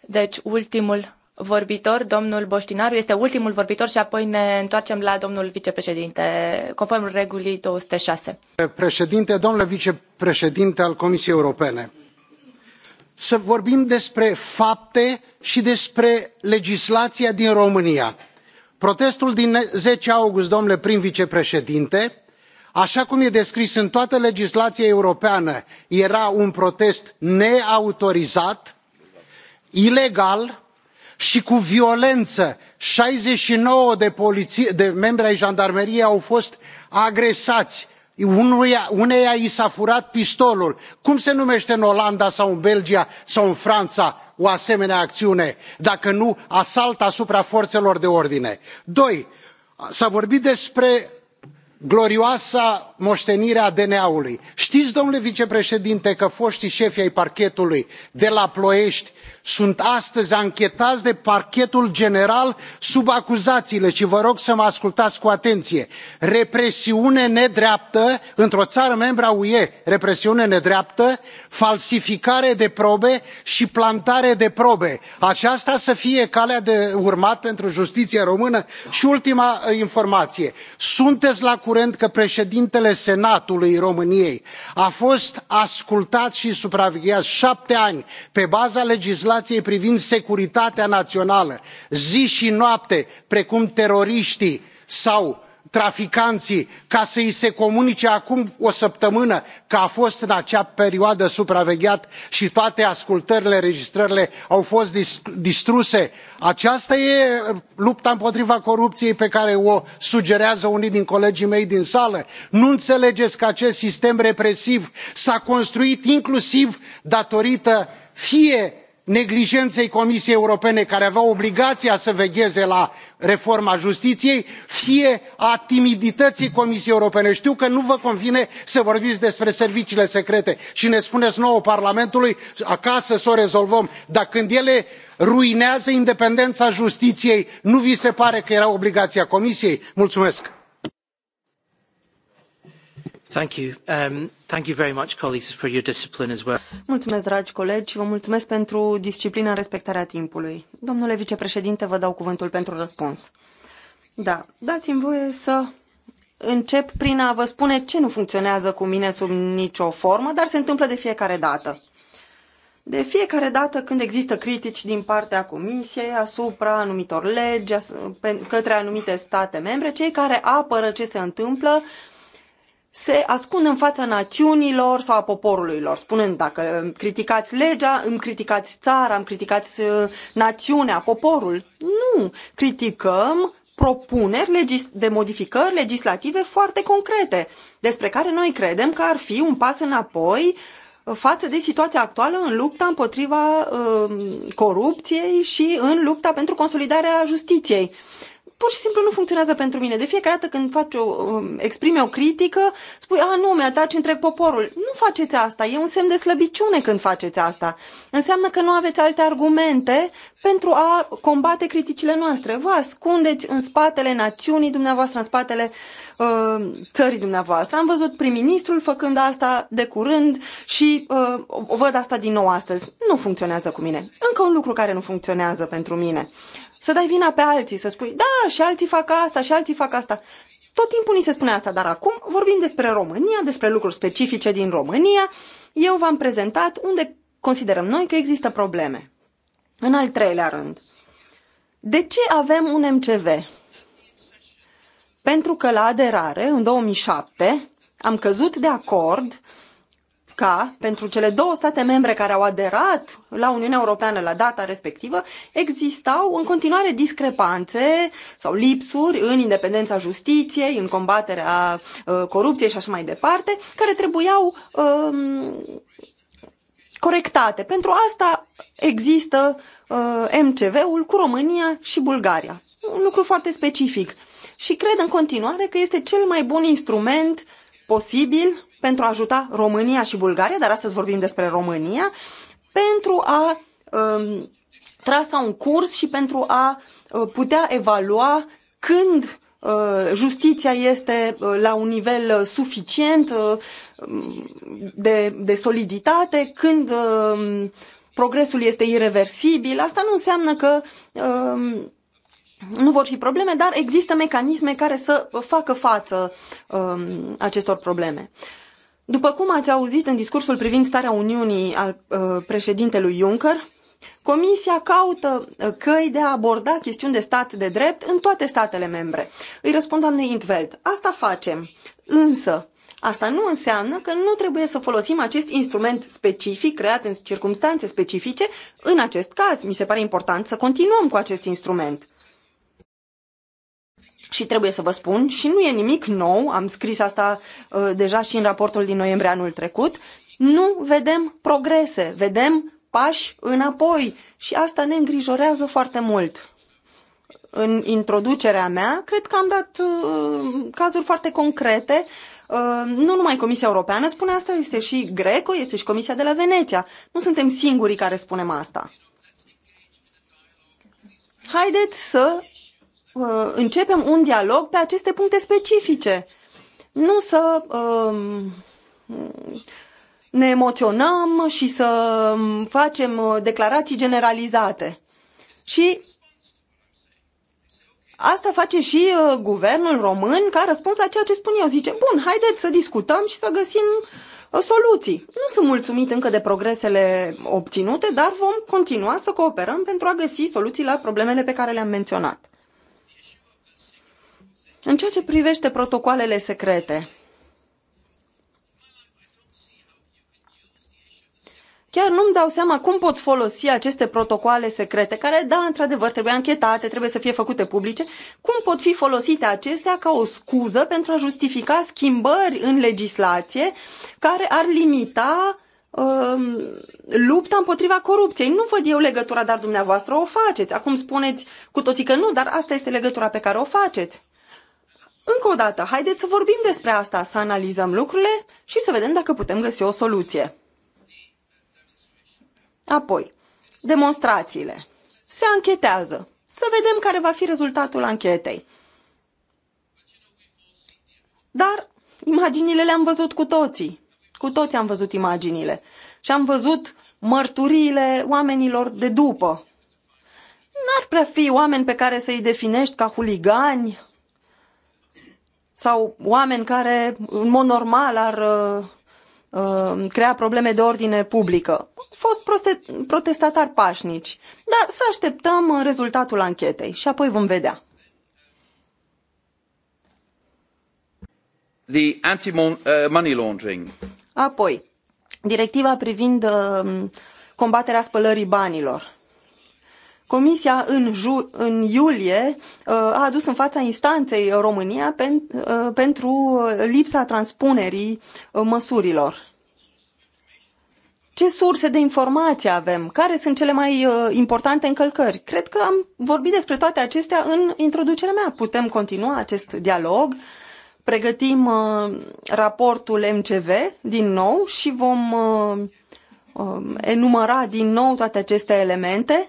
deci ultimul vorbitor, domnul Boștinaru este ultimul vorbitor și apoi ne întoarcem la domnul vicepreședinte, conform regulii 206. Președinte, domnule vicepreședinte al Comisiei Europene, să vorbim despre fapte și despre legislația din România. Protestul din 10 august, domnule prim vicepreședinte, așa cum e descris în toată legislația europeană, era un protest neautorizat, ilegal, și cu violență șaizeci și nouă de membri ai jandarmeriei au fost agresați uneia, uneia i s a furat pistolul. cum se numește în olanda sau în belgia sau în franța o asemenea acțiune dacă nu asalt asupra forțelor de ordine? doi s a vorbit despre glorioasa moștenirea dna ului. știți domnule vicepreședinte că foștii șefi ai parchetului de la ploiești sunt astăzi anchetați de parchetul general sub acuzațiile și vă rog să mă ascultați cu atenție represiune nedreaptă într o țară membră a ue represiune nedreaptă falsificare de probe și plantare de probe. aceasta să fie calea de urmat pentru justiția română? și ultima uh, informație sunteți la curent că președintele președintele senatului româniei a fost ascultat și supravegheat șapte ani pe baza legislației privind securitatea națională zi și noapte precum teroriștii sau traficanții ca să i se comunice acum o săptămână că a fost în acea perioadă supravegheat și toate ascultările înregistrările au fost distruse? aceasta e lupta împotriva corupției pe care o sugerează unii din colegii mei din sală? nu înțelegeți că acest sistem represiv s a construit inclusiv datorită fie neglijenței comisiei europene care avea obligația să vegheze la reforma justiției fie a timidității comisiei europene. știu că nu vă convine să vorbiți despre serviciile secrete și ne spuneți nouă parlamentului acasă să o rezolvăm dar când ele ruinează independența justiției nu vi se pare că era obligația comisiei? mulțumesc. Mulțumesc, dragi colegi, și vă mulțumesc pentru disciplina în respectarea timpului. Domnule vicepreședinte, vă dau cuvântul pentru răspuns. Da, dați-mi voie să încep prin a vă spune ce nu funcționează cu mine sub nicio formă, dar se întâmplă de fiecare dată. De fiecare dată când există critici din partea Comisiei asupra anumitor legi, către anumite state membre, cei care apără ce se întâmplă se ascund în fața națiunilor sau a poporului lor, spunând dacă criticați legea, îmi criticați țara, îmi criticați uh, națiunea, poporul. Nu, criticăm propuneri de modificări legislative foarte concrete, despre care noi credem că ar fi un pas înapoi uh, față de situația actuală în lupta împotriva uh, corupției și în lupta pentru consolidarea justiției pur și simplu nu funcționează pentru mine. De fiecare dată când faci o, um, exprime o critică, spui, a, nu, mi dat întreg poporul. Nu faceți asta, e un semn de slăbiciune când faceți asta. Înseamnă că nu aveți alte argumente pentru a combate criticile noastre. Vă ascundeți în spatele națiunii dumneavoastră, în spatele uh, țării dumneavoastră. Am văzut prim-ministrul făcând asta de curând și uh, văd asta din nou astăzi. Nu funcționează cu mine. Încă un lucru care nu funcționează pentru mine să dai vina pe alții, să spui, da, și alții fac asta, și alții fac asta. Tot timpul ni se spune asta, dar acum vorbim despre România, despre lucruri specifice din România. Eu v-am prezentat unde considerăm noi că există probleme. În al treilea rând, de ce avem un MCV? Pentru că la aderare, în 2007, am căzut de acord ca pentru cele două state membre care au aderat la Uniunea Europeană la data respectivă, existau în continuare discrepanțe sau lipsuri în independența justiției, în combaterea uh, corupției și așa mai departe, care trebuiau uh, corectate. Pentru asta există uh, MCV-ul cu România și Bulgaria. Un lucru foarte specific. Și cred în continuare că este cel mai bun instrument posibil pentru a ajuta România și Bulgaria, dar astăzi vorbim despre România, pentru a um, trasa un curs și pentru a uh, putea evalua când uh, justiția este uh, la un nivel uh, suficient uh, de, de soliditate, când um, progresul este irreversibil. Asta nu înseamnă că um, nu vor fi probleme, dar există mecanisme care să facă față um, acestor probleme. După cum ați auzit în discursul privind starea Uniunii al uh, președintelui Juncker, Comisia caută uh, căi de a aborda chestiuni de stat de drept în toate statele membre. Îi răspund doamne Intveld, asta facem, însă asta nu înseamnă că nu trebuie să folosim acest instrument specific creat în circunstanțe specifice. În acest caz, mi se pare important să continuăm cu acest instrument. Și trebuie să vă spun, și nu e nimic nou, am scris asta uh, deja și în raportul din noiembrie anul trecut, nu vedem progrese, vedem pași înapoi și asta ne îngrijorează foarte mult. În introducerea mea, cred că am dat uh, cazuri foarte concrete. Uh, nu numai Comisia Europeană spune asta, este și Greco, este și Comisia de la Veneția. Nu suntem singurii care spunem asta. Haideți să uh, începem un dialog pe aceste puncte specifice. Nu să uh, ne emoționăm și să um, facem uh, declarații generalizate. Și Asta face și uh, guvernul român ca răspuns la ceea ce spun eu. Zice, bun, haideți să discutăm și să găsim uh, soluții. Nu sunt mulțumit încă de progresele obținute, dar vom continua să cooperăm pentru a găsi soluții la problemele pe care le-am menționat. În ceea ce privește protocoalele secrete, chiar nu-mi dau seama cum pot folosi aceste protocoale secrete, care, da, într-adevăr, trebuie anchetate, trebuie să fie făcute publice, cum pot fi folosite acestea ca o scuză pentru a justifica schimbări în legislație care ar limita um, lupta împotriva corupției. Nu văd eu legătura, dar dumneavoastră o faceți. Acum spuneți cu toții că nu, dar asta este legătura pe care o faceți. Încă o dată, haideți să vorbim despre asta, să analizăm lucrurile și să vedem dacă putem găsi o soluție. Apoi, demonstrațiile. Se anchetează. Să vedem care va fi rezultatul anchetei. Dar imaginile le-am văzut cu toții. Cu toți am văzut imaginile. Și am văzut mărturiile oamenilor de după. N-ar prea fi oameni pe care să-i definești ca huligani, sau oameni care în mod normal ar uh, uh crea probleme de ordine publică. Au fost protestatari pașnici, dar să așteptăm uh, rezultatul anchetei și apoi vom vedea. The anti-money uh, laundering. Apoi, directiva privind uh, combaterea spălării banilor. Comisia în, ju- în iulie uh, a adus în fața instanței România pen- uh, pentru lipsa transpunerii uh, măsurilor. Ce surse de informații avem? Care sunt cele mai importante încălcări? Cred că am vorbit despre toate acestea în introducerea mea. Putem continua acest dialog pregătim uh, raportul MCV din nou și vom uh, uh, enumăra din nou toate aceste elemente.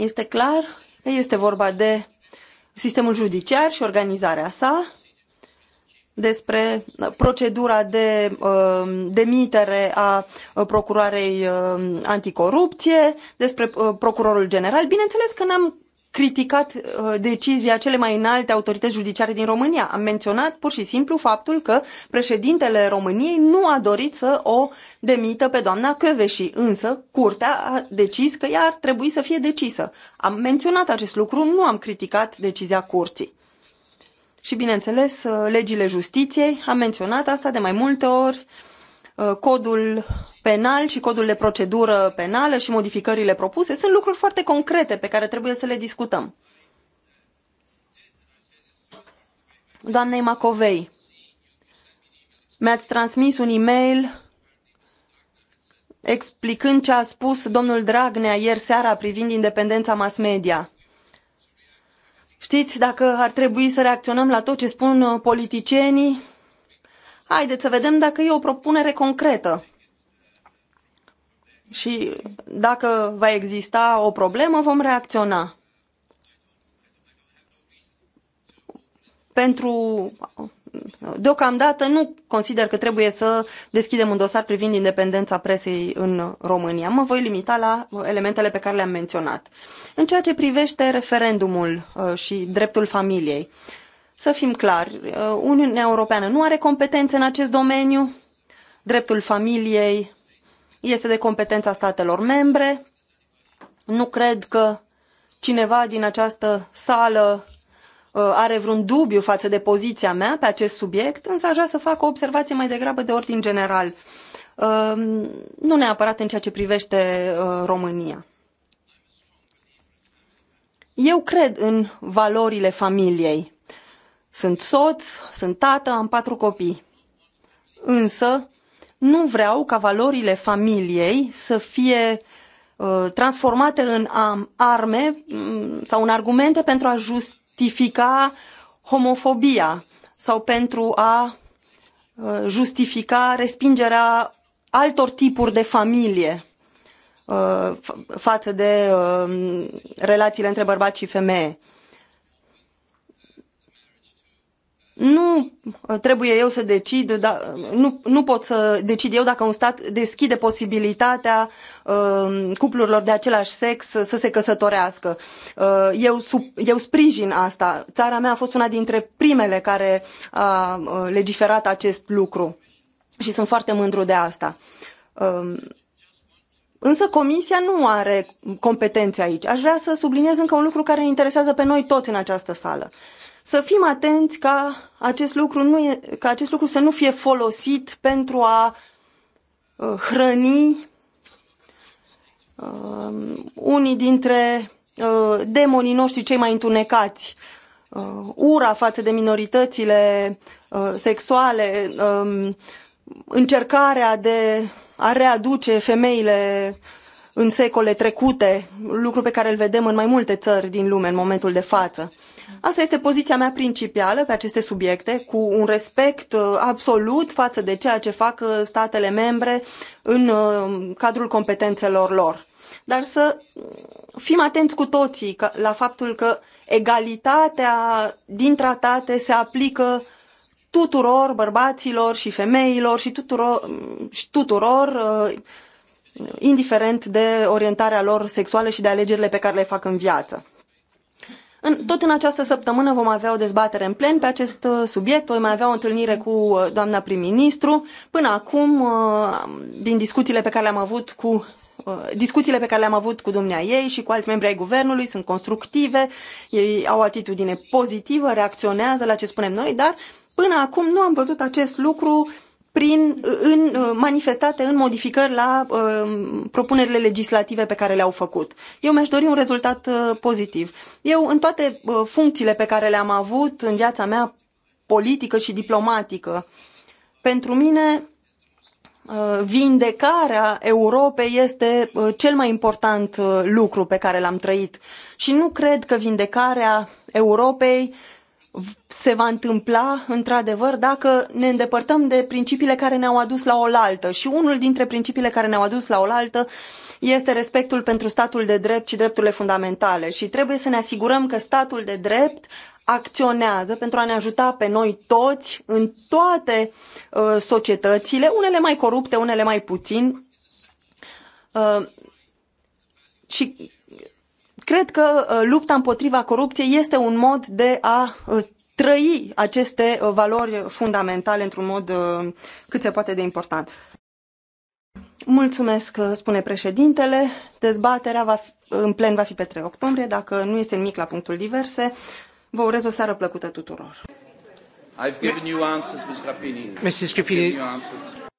Este clar că este vorba de sistemul judiciar și organizarea sa, despre procedura de uh, demitere a uh, procurarei uh, anticorupție, despre uh, procurorul general. Bineînțeles că n-am criticat uh, decizia cele mai înalte autorități judiciare din România. Am menționat pur și simplu faptul că președintele României nu a dorit să o demită pe doamna Căveși, însă curtea a decis că ea ar trebui să fie decisă. Am menționat acest lucru, nu am criticat decizia curții. Și bineînțeles, uh, legile justiției, am menționat asta de mai multe ori, uh, Uh, codul penal și codul de procedură penală și modificările propuse sunt lucruri foarte concrete pe care trebuie să le discutăm. Doamnei Macovei, mi-ați transmis un e-mail explicând ce a spus domnul Dragnea ieri seara privind independența mass media. Știți, dacă ar trebui să reacționăm la tot ce spun uh, politicienii, Haideți să vedem dacă e o propunere concretă. Și dacă va exista o problemă, vom reacționa. Pentru deocamdată nu consider că trebuie să deschidem un dosar privind independența presei în România. Mă voi limita la elementele pe care le-am menționat. În ceea ce privește referendumul uh, și dreptul familiei, să fim clari, uh, Uniunea Europeană nu are competențe în acest domeniu, dreptul familiei este de competența statelor membre. Nu cred că cineva din această sală uh, are vreun dubiu față de poziția mea pe acest subiect, însă aș vrea să fac o observație mai degrabă de ordin general, uh, nu neapărat în ceea ce privește România. Eu cred în valorile familiei sunt soț, sunt tată, am patru copii. Însă, nu vreau ca valorile familiei să fie uh, transformate în arme mm, sau în argumente pentru a justifica homofobia sau pentru a uh, justifica respingerea altor tipuri de familie uh, față de uh, relațiile între bărbați și femeie. nu uh, trebuie eu să decid, da, nu, nu pot să decid eu dacă un stat deschide posibilitatea uh, cuplurilor de același sex să se căsătorească. Uh, eu, sub, eu sprijin asta. Țara mea a fost una dintre primele care a uh, legiferat acest lucru și sunt foarte mândru de asta. Uh, Însă Comisia nu are competențe aici. Aș vrea să subliniez încă un lucru care ne interesează pe noi toți în această sală să fim atenți ca acest lucru, nu e, ca acest lucru să nu fie folosit pentru a uh, hrăni uh, unii dintre uh, demonii noștri cei mai întunecați. Uh, ura față de minoritățile uh, sexuale, uh, încercarea de a readuce femeile în secole trecute, lucru pe care îl vedem în mai multe țări din lume în momentul de față. Asta este poziția mea principală pe aceste subiecte, cu un respect uh, absolut față de ceea ce fac uh, statele membre în uh, cadrul competențelor lor. Dar să mm, fim atenți cu toții la faptul că egalitatea din tratate se aplică tuturor bărbaților și femeilor și tuturor, mm, și tuturor indiferent de orientarea lor sexuală și de alegerile pe care le fac în viață. În, tot în această săptămână vom avea o dezbatere în plen pe acest uh, subiect, voi mai avea o întâlnire cu uh, doamna prim-ministru. Până acum, uh, din discuțiile pe care le-am avut cu discuțiile pe care le-am avut cu dumnea ei și cu alți membri ai guvernului sunt constructive, ei au o atitudine pozitivă, reacționează la ce spunem noi, dar până acum nu am văzut acest lucru prin, în, uh, manifestate în modificări la uh, propunerile legislative pe care le-au făcut. Eu mi-aș dori un rezultat uh, pozitiv. Eu, în toate uh, funcțiile pe care le-am avut în viața mea politică și diplomatică, pentru mine uh, vindecarea Europei este uh, cel mai important lucru pe care l-am trăit. Și nu cred că vindecarea Europei se va întâmpla într-adevăr dacă ne îndepărtăm de principiile care ne-au adus la oaltă. Și unul dintre principiile care ne-au adus la oaltă este respectul pentru statul de drept și drepturile fundamentale. Și trebuie să ne asigurăm că statul de drept acționează pentru a ne ajuta pe noi toți în toate uh, societățile, unele mai corupte, unele mai puțin. Uh, și Cred că uh, lupta împotriva corupției este un mod de a uh, trăi aceste uh, valori fundamentale într-un mod cât se poate de important. Mulțumesc, spune președintele. Dezbaterea va fi, în plen va fi pe 3 octombrie. Dacă nu este nimic la punctul diverse, vă urez o seară plăcută tuturor. I've given you answers, Ms. Grappini. Mrs. Grappini.